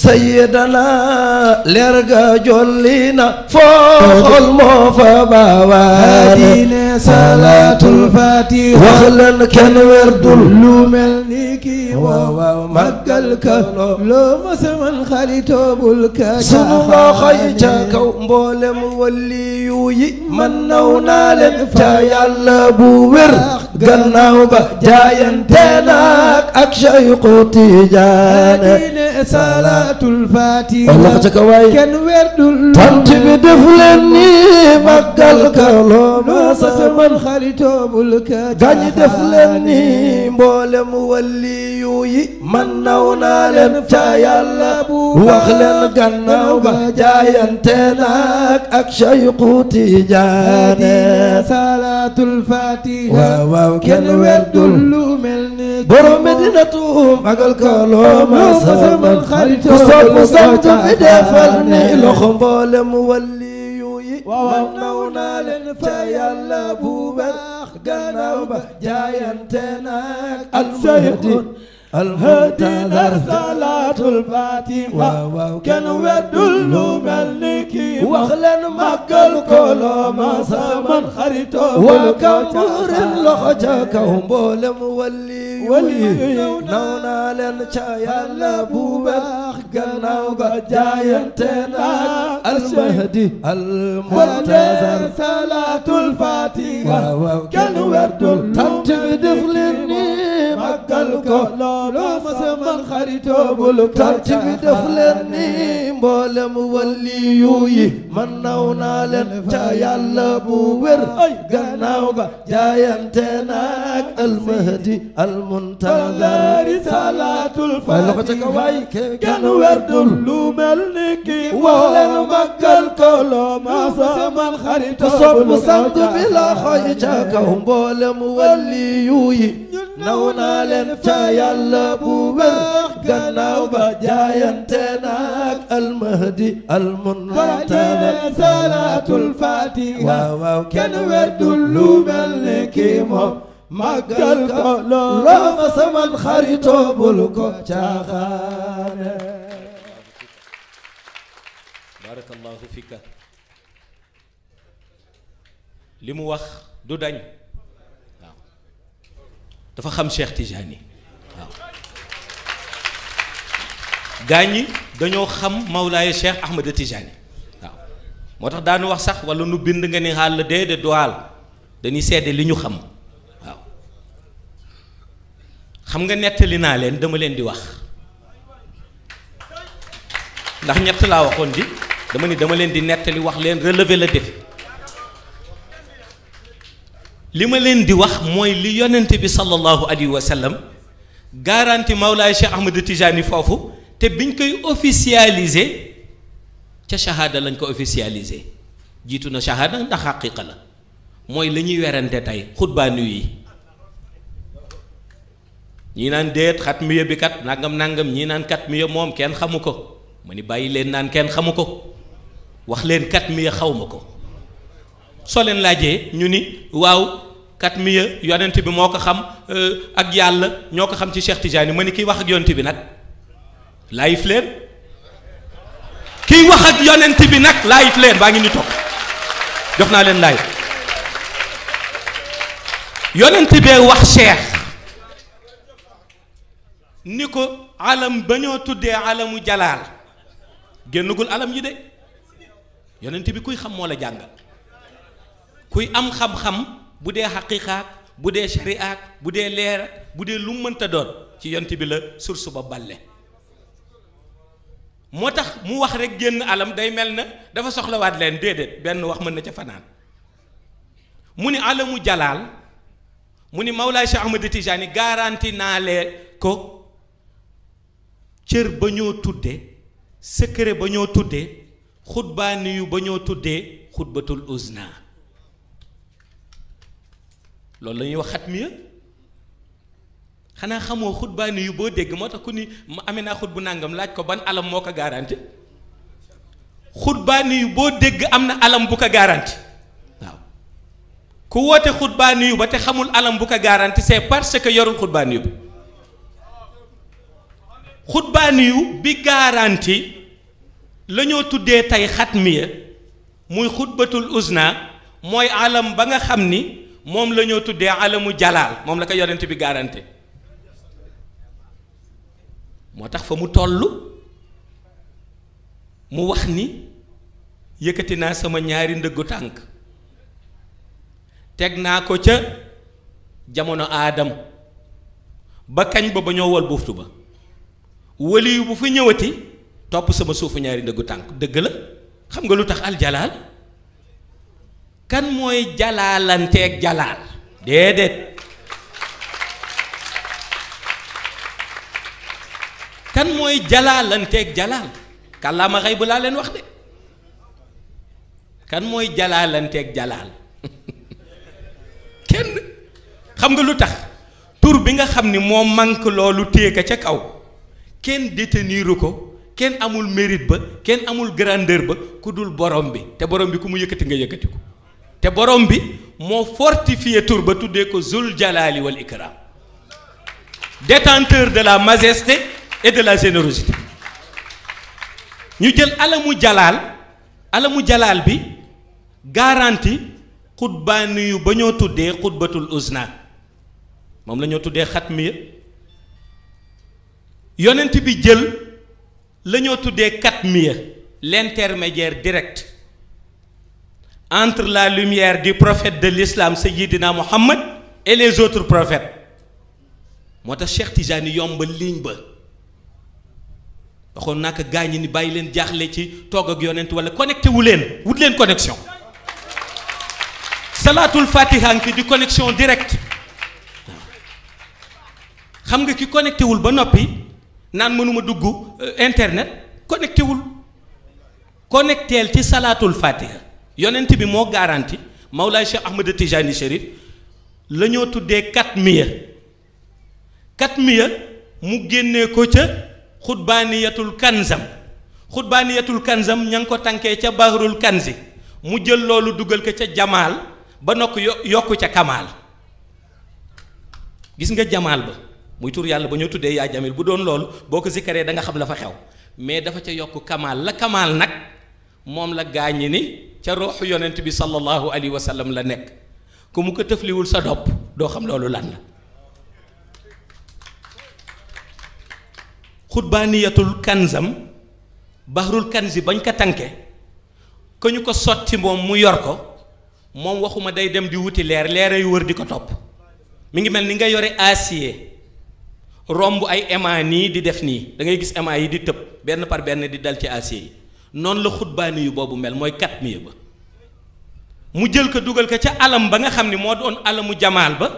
sayyidana leer ga jolli na fooxol moo fa baawaare salaatul faatiha wax leen kenn werdul lu mel ni kii waaw màggal ka loo ma saman xaritoo bul ka sunu ak Seyxu Tijaan salaatul faatiha walla ca ka kenn werdul tant bi ni màggal ka ma sa man xaritoo bul ka gaañ ni mboolem waliyu yi man naw naa ca yàlla wax leen gannaaw ba jaayante naag ak Seyxu Tijaan salaatul waaw kenn werdul lu mel borom medinatu magal ko loo ma sama xarit ku sopp sant bi defal ni loxo mboolem waliyu yi man naw naa leen fa yàlla bu ber gannaaw ba jaayante naag al almuntadar salaatul faatiha waaw kenn weddul lu mel ni kii wax leen màggal ko loo ma saman xaritoo waa kaw murin loxo ca kaw mboolem walli walli naw naa leen ca yàlla bu baax gannaaw ga jaayante naa almahdi almuntadar salaatul faatiha waaw kenn weddul tant bi def leen nii màggal ma sama xaritoo bul tarti bi def leen mboolem waliyu yi man naw naa ca yàlla bu wér gannaaw ga jaayante naag almahdi almuntazar salaatul faatiha way kenn werdul lu mel ni ki wax leen màggal ko loo ma sama xaritoo bi la xoy ca kaw mboolem waliyu yi naa leen ca yàlla bu wér gannaaw ba jaayante naak almahdi almuntada salaatul fatiha waaw waaw kenn weddul lu mel ni kii moom màggal ko loo ma saman xaritoo bul ko caaxaane barakallahu fika li mu wax du dañ dafa xam Cheikh Tijani waaw gaa ñi dañoo xam Mawlaaye Cheikh Ahmed Tijani waaw moo tax daanu wax sax wala nu bind nga ni xaal déedéet du xaal dañuy seede li ñu xam waaw xam nga nettali naa leen dama leen di wax ndax ñett laa waxoon di dama ne dama leen di nettali wax leen relever le défi. li ma leen di wax mooy li yonent bi sallallahu alayhi wa sallam garanti Mawlaay Cheikh Ahmed foofu te biñ koy officialiser ca shahada lañ ko officialiser jiitu na shahada ndax xaqiqa la mooy la ñuy werante tey xutbaanu yi ñii naan déet xat mi bi kat nangam nangam ñi naan kat mi moom kenn xamu ko ma ni bàyyi leen naan kenn xamu ko wax leen kat mi xaw ma ko. soo leen laajee ñu ni waaw kat miya yonent bi moo ko xam euh, ak yàlla ñoo ko xam ci Cheikh Tidiane ma ni kiy wax ak yonent bi nag laayif leen kiy wax ak yonent bi nag laayif leen baa ngi ni toog jox naa leen laay yonent bee wax Cheikh ni ko alam ba ñoo tuddee alamu jalaal génnagul alam yi de yonent bi kuy xam moo la jàngal kuy am xam-xam bu dee xaqiqaak bu dee shariaak bu dee leer bu dee lu mënta doon ci yont bi la source ba moo tax mu wax rek génn alam day mel na dafa soxlawaat leen déedéet benn wax mën na ca fanaan mu ni alamu jalaal mu ni Mawlaay Cheikh Ahmed Tijaani garanti naa leen ko cër ba ñoo tudde secret ba ñoo tudde xutbaani yu ba ñoo tuddee xutbatul uzna loolu lañuy ñuy wax xatmiya xanaa xamoo xutbaani boo dégg moo tax ku ni ma amee naa xut bu nàngam laaj ko ban alam moo ko garanti xutbaani yu boo dégg am na alam bu ko garanti waaw ku woote xutbaani yu ba te xamul alam bu ko garanti c'est parce que yorul xutbaani yu xutbaani yu bi garanti la ñoo tuddee tey xatmiya muy xutbatul uzna mooy alam ba nga xam ni moom la ñoo tuddee alamu jalaal moom la ko yonent bi garanti moo tax fa mu toll mu wax ni yëkkati naa sama ñaari ndëggu tànk teg naa ko ca jamono aadam ba kañ ba ba ñoo wal buuftu ba waliyu bu fa ñëwati topp sama suufu ñaari ndëggu tànk dëgg la xam nga lu tax aljalaal kan mooy jalaalanteeg jalaal déedéet kan mooy jalaalanteeg jalaal kàllaama xëy bu laa leen wax de kan mooy jalaalanteeg jalaal kenn xam nga lu tax tur bi nga xam ni moo mank loolu ko ca kaw kenn niiru ko kenn amul mérite ba kenn amul grandeur ba ku dul borom bi te borom bi ku mu yëkkati nga yëkkati ko te borom bi moo fortifié tur ba tuddee ko zul jalali wal ikram détenteur de la majesté et de la générosité ñu jël alamu jalaal alamu jalaal bi garanti xutbaani yu ba ñoo tuddee xutbatul usna moom la ñoo tuddee xatmiya yonent bi jël la ñoo tuddee katmiya l'intermédiaire direct entre la lumière di prophète de l'islam Sayyidina Muhammad et les autres prophètes moo tax Cheikh Tijani yombal ligne ba waxoon naa ko gaañ ni bàyyi leen jaaxle ci toog ak yonent wala connecté wu leen wut leen connexion salaatul fatiha ngi fi di connexion direct xam nga ki connecté wul ba noppi naan mënuma dugg euh, internet connecté wul connecteel ci salaatul fatiha. yonent bi moo garanti Mawlaay Cheikh Ahmed Tijani Chérif la ñoo tuddee katmiya katmiya mu génnee ko ca xutbaaniyatul kanzam xutbaaniyatul kansam ña ngi ko tànkee ca bahrul kanzi mu jël loolu dugal ko ca jamaal ba nokk yokk ca kamaal gis nga jamaal ba muy tur yàlla ba ñoo tuddee yaa jamil bu doon loolu boo ko sikkaree da nga xam la fa xew mais dafa ca yokk kamaal la kamaal nag moom la gaañi ni ca rooxu yonent bi sallallahu alayhi wa sallam la nekk ku mu ko tëfliwul sa dopp doo xam loolu lan la xutbaaniyatul kanzam bahrul kanzi bañ ko tànke ko ñu ko sotti moom mu yor ko moom waxuma day dem di wuti leer leera yu wër di ko topp mu ngi mel ni nga yore acier romb ay aimant nii di def nii da ngay gis aimant yi di tëb benn par benn di dal ci acier yi noonu la xutbaani yu boobu mel mooy kat miya ba mu jël ko dugal ko ca alam ba nga xam ni moo doon alamu jamaal ba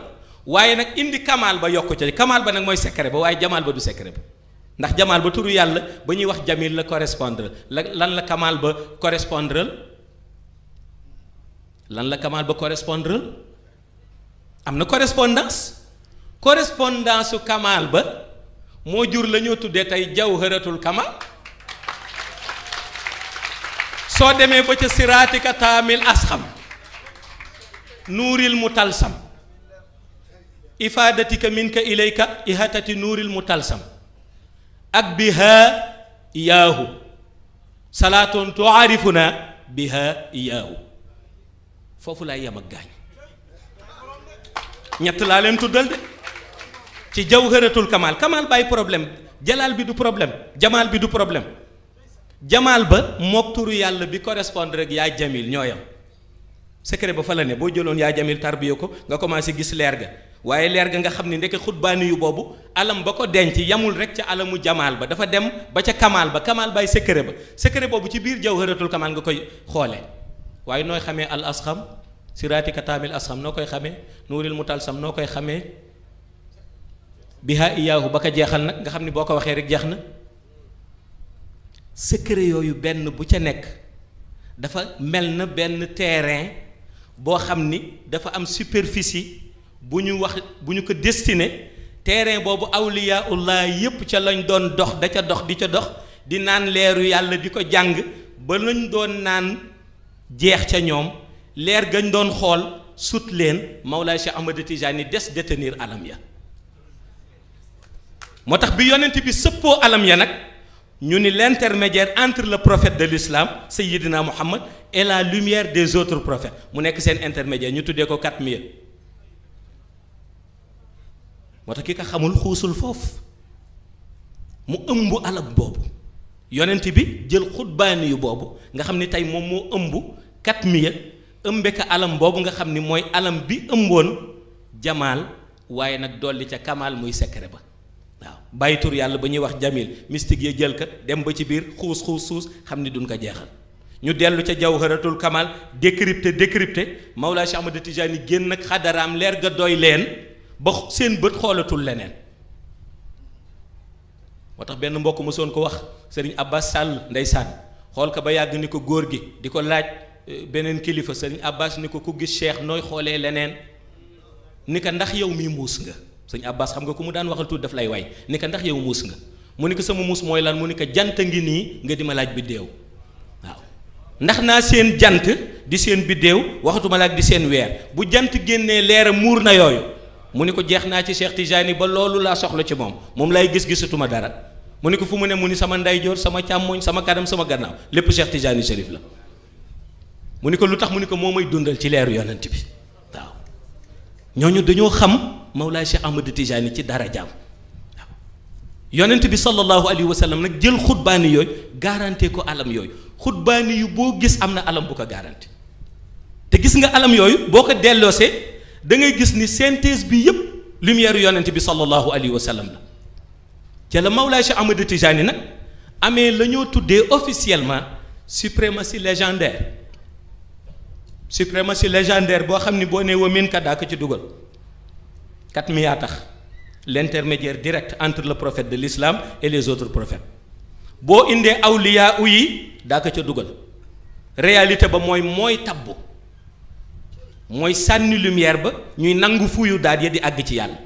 waaye nag indi kamaal ba yokk ca kamaal ba nag mooy secret ba waaye jamaal ba du secret ba ndax jamaal ba turu yàlla ba ñuy wax jamil la correspondre la lan la kamaal ba correspondre lan la kamaal ba am na correspondance correspondance su ba moo jur la ñoo tuddee tey jawharatul kamaal soo demee ba ca siraatika taamil asxam nuuril mu talsam ifaadatika minka ilayka ihatati nuuril mu ak biha iyaahu salaatun tuarifuna biha iyaahu foofu laay yem ak gaañ ñett laa leen tuddal de ci jawharatul kamal kamal bàyyi problème jalaal bi du problème jamaal bi du problème jamaal ba mook turu yàlla bi correspondre rek yaa jamil ñoo yam secret ba fa la ne boo jëloon yaa jamil tarbiya ko nga commencé gis leer ga waaye leer ga nga xam ne ndeke xutbaani yu boobu alam ba ko denc yamul rek ca alamu jamaal ba dafa dem ba ca kamaal ba kamaal baay secret ba secret boobu ci biir jawharatul kamaal nga koy xoole waaye nooy xamee al asxam siraati kataamil asxam noo koy xamee nuuril sam noo koy xamee biha iyaahu ba ko jeexal nag nga xam ne boo ko waxee rek jeex na secret yooyu benn bu ca nekk dafa mel na benn terrain boo xam ni dafa am superficie bu ñu wax bu ñu ko destiné terrain boobu awliyaa ullah yépp ca lañ doon dox da ca dox di ca dox di naan leeru yàlla di ko jàng ba lañ doon naan jeex ca ñoom leer gañ doon xool sut leen Mawlaay Cheikh Ahmad Tijaani des détenir alam ya moo tax bi yonent bi sëppoo alam ya nag ñu ni l'intermédiaire entre le prophète de l'islam sayyidina Muhammad et la lumière des autres prophètes mu nekk seen intermédiaire ñu tuddee ko katmiya moo tax ki ko xamul xuusul foofu mu ëmb alab boobu yonent bi jël xutbaani yu boobu nga xam ni tey moom moo ëmb katmiya ëmbe ka alam boobu nga xam ni mooy alam bi ëmboon jamaal waaye nag dolli ca kamaal muy secret ba waaw bàyyi yàlla ba ñuy wax jamil mystique ya jël ka dem ba ci biir xuus xuus xuus xam ni duñ ko jeexal ñu dellu ca jawharatul kamal décrypté décrypté Mawlaa Cheikh Ahmad Tijaani génn ak xadaraam leer ga doy leen ba seen bët xoolatul leneen moo tax benn mbokk ma soon ko wax sëriñ Abbas Sall ndeysaan xool ko ba yàgg ni ko góor gi di ko laaj euh, beneen kilifa sëriñ Abbas ni ko ku gis cheikh nooy xoolee leneen ni ko ndax yow mi muus nga sëñ Abbas xam nga ku mu daan waxal tuut daf lay way ni ko ndax yow muus nga mu ni ko sama muus mooy lan mu ni ko jant ngi nii nga di ma laaj biddéew waaw ndax naa seen jant di seen biddéew waxatuma laaj di seen weer bu jant génnee leera muur na yooyu mu ne ko jeex naa ci Cheikh Tijani ba loolu laa soxla ci moom moom laay gis-gisatuma dara mu ne ko fu mu ne mu ni sama ndeyjoor sama càmmoñ sama kanam sama gannaaw lépp Cheikh Tijani Chérif la mu ni ko lu tax mu ni ko moo may dundal ci leeru yonent bi waaw Mawlaay Cheikh Ahmadou Tijaani ci dara jaam waaw yonent bi sallallahu alayhi wa sallam nag jël xutbaani yooyu garanté ko alam yooyu xutbaani yu boo gis am na alam bu ko garanté te gis nga alam yooyu boo ko delloosee da ngay gis ni synthèse bi yëpp lumière yonent bi sallallahu alayhi wa sallam la ca la Mawlaay Cheikh Ahmadou Tijaani nag amee la ñoo tuddee officiellement suprématie légendaire suprématie légendaire boo xam ni boo nee wa min ka daa ko ci dugal. kat mi yaa tax l'intermédiaire direct entre le prophète de lislaam et les autres prophètes boo indee aw u yi daa ko ca dugal réalité ba mooy mooy tabbu mooy sànni lumière ba ñuy nangu fuyu daal ya di àgg ci yàlla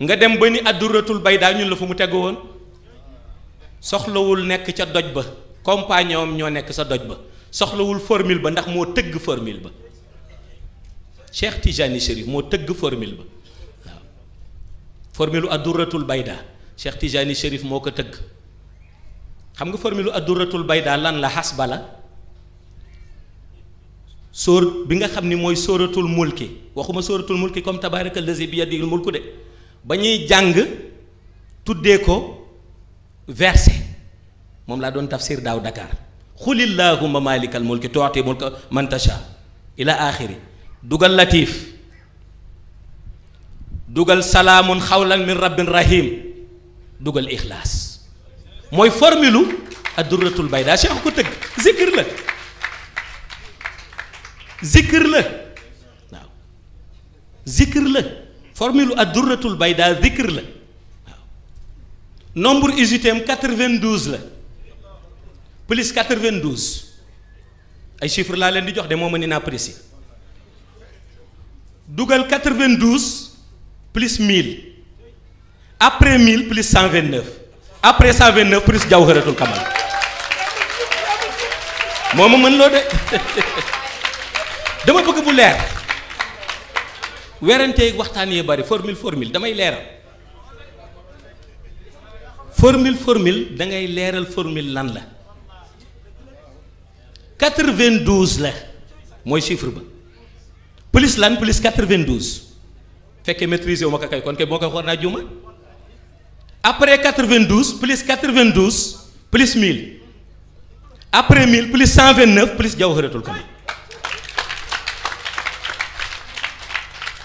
nga dem ba ni adduratul bay daa ñun la fu mu tegu woon soxlawul nekk ca doj ba compagnon am ñoo nekk sa doj ba soxlawul formule ba ndax moo tëgg formule ba Cheikh Tijani Chérif moo tëgg formule ba waaw formule u adduratul bayda Cheikh Tijani Chérif moo ko tëgg xam nga formule u adduratul bayda lan la xasba bala sóor bi nga xam ni mooy sóoratul mulki waxuma sóoratul mulki comme tabaaraka lazi bi yadil mulku de ba ñuy jàng tuddee ko verset moom laa doon tafsir daaw Dakar xulillahuma malikal mulki tuuti mulka man tasha ila dugal latiif dugal salaamun xawlan min rabbin rahim dugal ixlaas mooy formulu addurratul bayda cheikh ko tëgg zikir la zikir la waaw zikir la formulu addurratul bayda zikir la waaw nombre usitem 92 la plus 92 ay chiffres laa leen di jox de moo mën inaa précis dugal 92 plus mille après mille plus cent vingt 129 après 129 plus jawharatul kamal moo ma mën loo de dama bëgg bu leer werante waxtaan yee bari formule formule damay leeral formule formule da ngay leeral formule lan la 92 la mooy chiffre ba. plus lan plus 92 fekkee maîtriser wu ma ko kay kon kay boo ko xool naa juuma après 92 plus 92 plus 1000 après 1000 plus 129 plus jawharatul kamal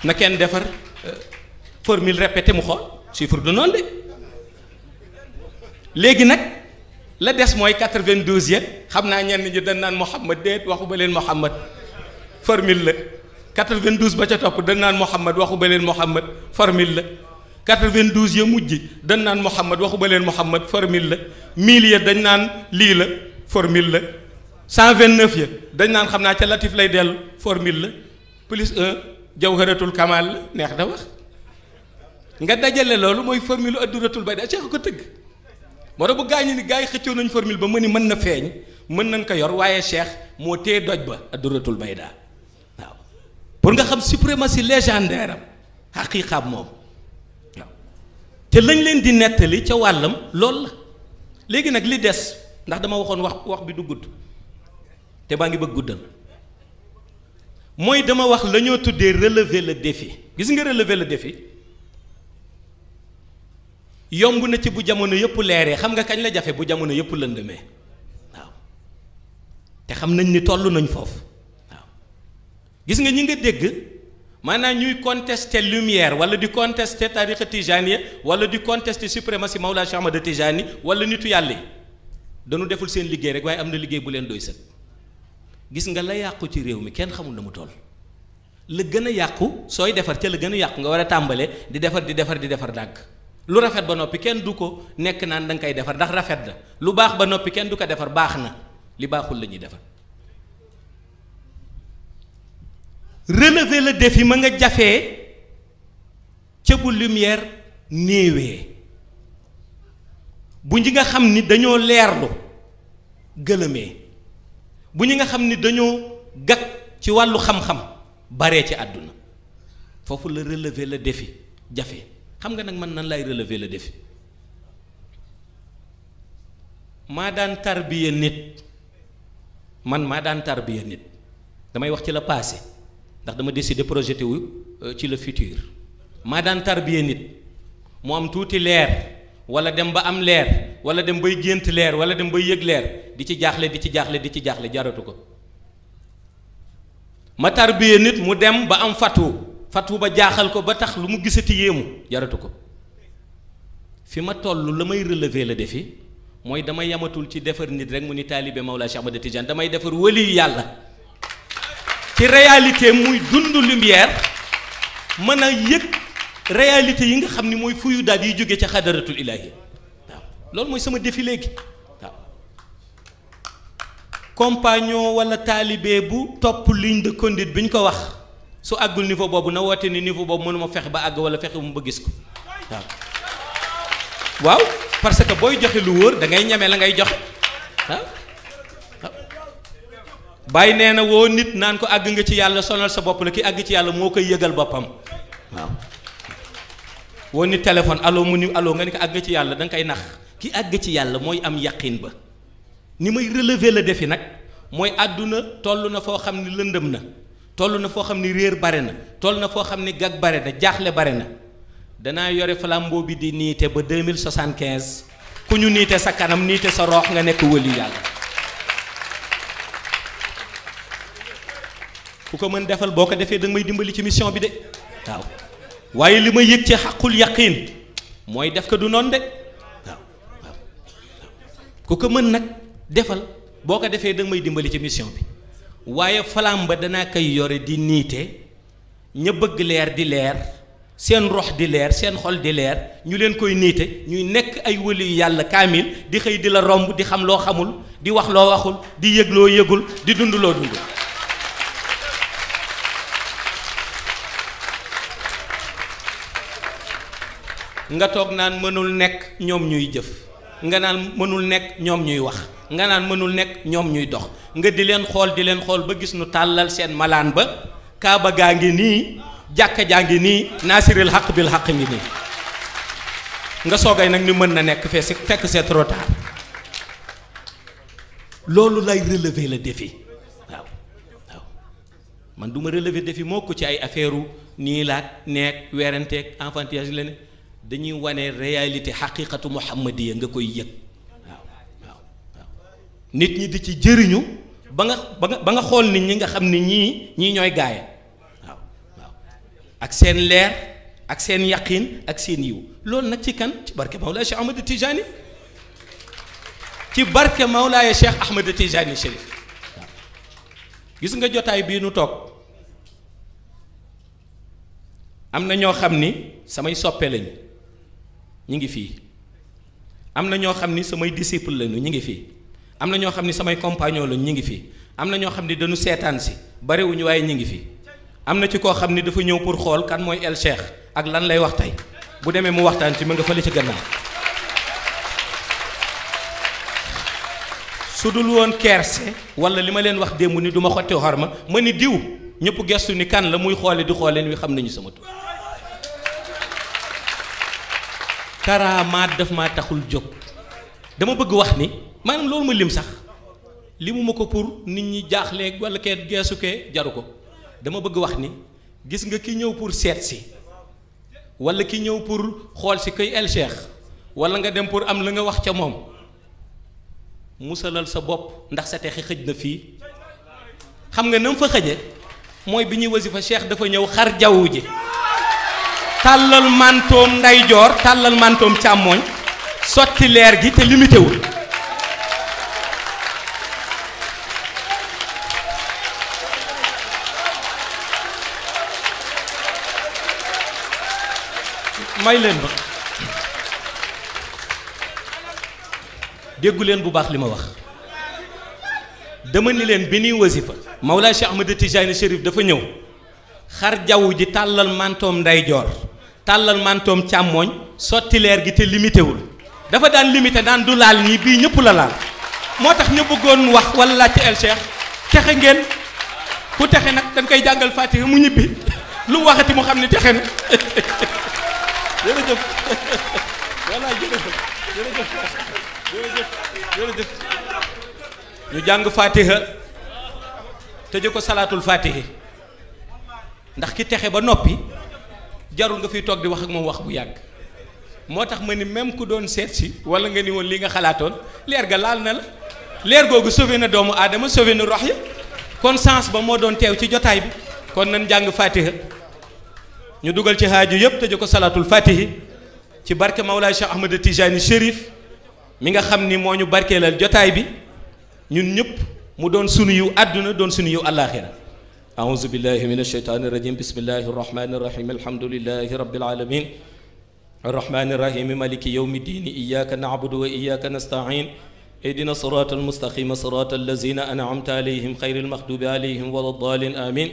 na kenn defar euh, formule répétée mu xool chiffre du noonu de léegi nag la des mooy 92 ya xam naa ñenn ñi dañ naan Mouhamad déet waxu ba leen Mouhamad formule la. 92 ba ca topp dañ naan Mouhamad waxu ba leen Mouhamad formule la 92 ya mujj dañ naan Mouhamad waxu ba leen Mouhamad formule la 1000 ya dañ naan lii la formule la 129 ya dañ naan xam naa ca latif lay dellu formule la plus 1 jawharatul kamal la neex da wax nga dajale loolu mooy formule adduratul bay da Cheikh ko tëgg moo tax gaa ñu ni gaa yi xëccoo nañ formule ba mu ni mën na feeñ mën nañ ko yor waaye Cheikh moo tee doj ba adduratul bay pour nga xam suprématie légendaire am xaqiiqaam moom waaw te lañ leen di nettali ca wàllam loolu la léegi nag li des ndax dama waxoon wax wax bi du gudd te baa ngi bëgg guddal mooy dama wax lañoo tuddee relever le défi gis nga relever la defi yomb na ci bu jamono yëpp leeree xam nga kañ la jafe bu jamono yëpp lëndëmee waaw te xam nañ ni toll nañ foofu gis nga ñi nga dégg maanaam ñuy contester lumière wala di contester tariqa tijaniya wala di contester suprématie Mawlana Cheikh Ahmad Tijani wala nitu yàlla yi dañu deful seen liggéey rek waaye am na liggéey bu leen doy sëg gis nga la yàqu ci réew mi kenn xamul na mu tool la gën a yàqu sooy defar ca la gën a yàqu nga war a tàmbale di defar di defar di defar dàgg lu rafet ba noppi kenn du ko nekk naan da nga koy defar ndax rafet na lu baax ba noppi kenn du ko defar baax na li baaxul la ñuy defar relever le défi ma nga jafee ca bu lumière néewee bu ñi nga xam ni dañoo leerlu gëlëmee bu ñu nga xam ni dañoo gag ci wàllu xam-xam baree ci àdduna foofu la relever le defi jafe xam nga nag man nan lay relever le defi maa daan tarbiya nit man maa daan tarbiya nit damay wax ci la passé ndax dama décider projeté wu euh, ci le futur maa daan tarbiye nit mu am tuuti leer wala dem ba am leer wala dem bay gént leer wala dem bay yëg leer di ci jaaxle di ci jaaxle di ci jaaxle jaratu ko ma tarbiye nit mu dem ba am fatu fatu ba jaaxal ko ba tax lu mu gisati yéemu jaratu ko fi ma toll la may relever le défi mooy dama yamatul ci defar nit rek mu ni taalibe Mawlaa Cheikh Ahmad Tidiane damay defar wëli yàlla ci réalité muy dund lumière mën a yëg réalité yi nga xam ni mooy fuyu daal yi jóge ca xadaratul ilaahi waaw loolu mooy sama défi léegi waaw compagnon wala taalibe bu topp lu de conduite bi ñu ko wax su àggul niveau boobu na woote ni niveau boobu mënuma fex ba àgg wala fexe mu ba gis ko waaw waaw parce que booy joxe lu wóor da ngay ñeme la ngay joxe bàyyi nee na woo nit naan ko àgg nga ci yàlla sonal sa bopp la ki àgg ci yàlla moo koy yëgal boppam waaw woo nit téléphone allo mu ni allo nga ne ko àgg ci yàlla da nga koy nax ki àgg ci yàlla mooy am yàqin ba ni may relever la defi nag mooy àdduna toll na foo xam ne lëndëm na toll na foo xam ne réer bare na toll na foo xam ne gag bare na jaaxle bare na danaa yore flambeau bi di niite ba deux mille soixante-quinze ku ñu niite sa kanam niite sa roox nga nekk wëli yàlla ku ko mën defal boo ko defee da may dimbali ci mission bi de waaw waaye li ma yëg ci xaqul yaqin mooy def ko du noonu de waaw waaw ku ko mën nag defal boo ko defee da may dimbali ci mission bi waaye falaam ba danaa koy yore di niite ña bëgg leer di leer seen rox di leer seen xol di leer ñu leen koy niite ñuy nekk ay wëli yu yàlla kaamil di xëy di la romb di xam loo xamul di wax loo waxul di yëg loo yëgul di dund loo dund nga toog naan mënul nekk ñoom ñuy jëf nga naan mënul nekk ñoom ñuy wax nga naan mënul nekk ñoom ñuy dox nga di leen xool di leen xool ba gis nu tàllal seen malaan ba kaaba gaa ngi nii jàkka jaa ngi nii naasiril xaq bil xaq ngi nii nga soogay nag ni mën na nekk fee si fekk c'est trop loolu lay relever le défi waaw waaw man du ma relever défi moo ko ci ay affaire u nii laag neeg weeranteeg enfantillage leneen dañuy wane réalité xaqiqatu muhammadiya nga koy yëg waaw waaw waaw nit ñi di ci jëriñu ba nga ba nga ba nga xool nit ñi nga xam ne ñii ñii ñooy gaaya waaw waaw ak seen leer ak seen yaqin ak seen yiw loolu nag ci kan ci barke Mawlaaya Cheikh Ahmad Tijaani ci barke Mawlaaya Cheikh Ahmad Tijaani Chérif waaw gis nga jotaay bii nu toog am na ñoo xam ni samay soppe lañu ñi ngi fii am na ñoo xam ni samay disciple lañu ñi ngi fii am na ñoo xam ni samay compagnon lañu ñi ngi fii am na ñoo xam ni dañu seetaan si barewuñu waaye ñi ngi fii am na ci koo xam ni dafa ñëw pour xool kan mooy El Cheikh ak lan lay wax tey bu demee mu waxtaan ci mu nga fële ci gannaaw su dul woon kerse wala li ma leen wax démb ni duma ma xotti xorma ma ni diw ñëpp gestu ni kan la muy xoole di xoole ni xam nañu sama tur karaamaat daf ma taxul jóg dama bëgg wax ni maanaam loolu ma lim sax limu ma ko pour nit ñi jaaxleeg wala keet geesu kee jaru ko dama bëgg wax ni gis nga ki ñëw pour seet si wala ki ñëw pour xool si këy el cheikh wala nga dem pour am la nga wax ca moom musalal sa bopp ndax sa texe xëj na fii xam nga nam fa xëje mooy bi ñuy wasifa cheikh dafa ñëw xar jaww ji tàllal mantoom ndayjoor tàllal mantoom càmmooñ sotti leer gi te limité may leen ba déggu leen bu baax li ma wax dama ni leen bi nuy wasifa Mawlaay Cheikh Ahmad Tijaani Chérif dafa ñëw xar jaww ji tàllal mantoom ndayjoor tàllal mantoom càmmooñ sotti gi te limité wul dafa daan limité daan du laal nii bii ñëpp la laal moo tax ñu bëggoon wax wala laajte El Cheikh texe ngeen ku texe nag dañ koy jàngal Fatiha mu ñibbi lu waxati mu xam ne texe na jërëjëf voilà jërëjëf jërëjëf jërëjëf jërëjëf ñu jàng Fatiha tëje ko salaatul Fatihi ndax ki texe ba noppi jarul nga fiy toog di wax ak moom wax bu yàgg moo tax ma ni même ku doon seet si wala nga ni woon li nga xalaatoon leer ga laal na la leer googu sauvé na doomu aadama sauvé na rox ya kon sens ba moo doon teew ci jotaay bi kon nan jàng fatiha ñu dugal ci haaju yëpp tëje ko salaatul fatihi ci barke Mawlaay Cheikh Ahmad Tijani Chérif mi nga xam ni moo ñu barkeelal jotaay bi ñun ñëpp mu doon sunu yiw àdduna doon sunu yiw àllaaxira أعوذ بالله من الشيطان الرجيم بسم الله الرحمن الرحيم الحمد لله رب العالمين الرحمن الرحيم مالك يوم الدين إياك نعبد وإياك نستعين اهدنا الصراط المستقيم صراط الذين أنعمت عليهم خير المغضوب عليهم ولا الضالين آمين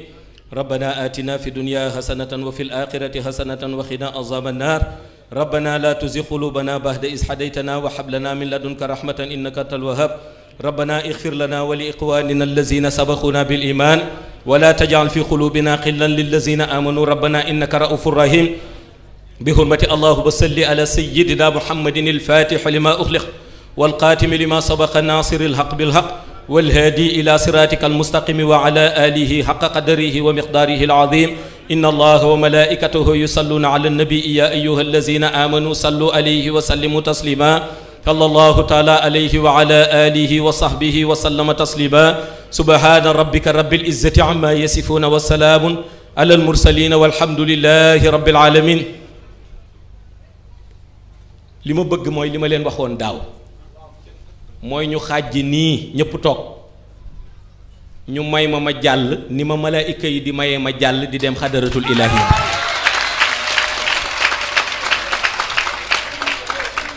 ربنا آتنا في الدنيا حسنة وفي الآخرة حسنة وقنا عذاب النار ربنا لا تزغ قلوبنا بعد إذ هديتنا وهب لنا من لدنك رحمة إنك أنت الوهاب rabbana ixfir lana wa li ixwanina allazina sabaquna bil iman wala tajal fi qulubina xillan lillazina amanu rabbana innaka raufur rahim bi hurmati allahu ba salli ala sayidina muhammadin alfatixi lima uxliq walxaatimi lima sabaqa nasiri alxaq bilxaq walhaadi ila siratika almustaqimi wa ala alihi xaqa qadarihi wa miqdaarihi alazim inna allaha wa malaikatahu yusalluna ala annabi ya ayuha allazina amanu sallu alayhi wa sallimu taslima sallallahu taala alayhi wa ala alihi wa sahbihi wa sallama taslima subhana rabbika rabbil izzati amma yasifuna wa salaamun ala al mursalina walhamdulillahi rabbil alamin li ma bëgg mooy li ma leen waxoon daaw mooy ñu xaaj ji nii ñépp toog ñu may ma ma jàll ni ma malaayika yi di mayee ma jàll di dem xadaratul ilaahi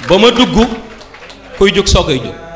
ba ma dugg koy jóg soogay jóg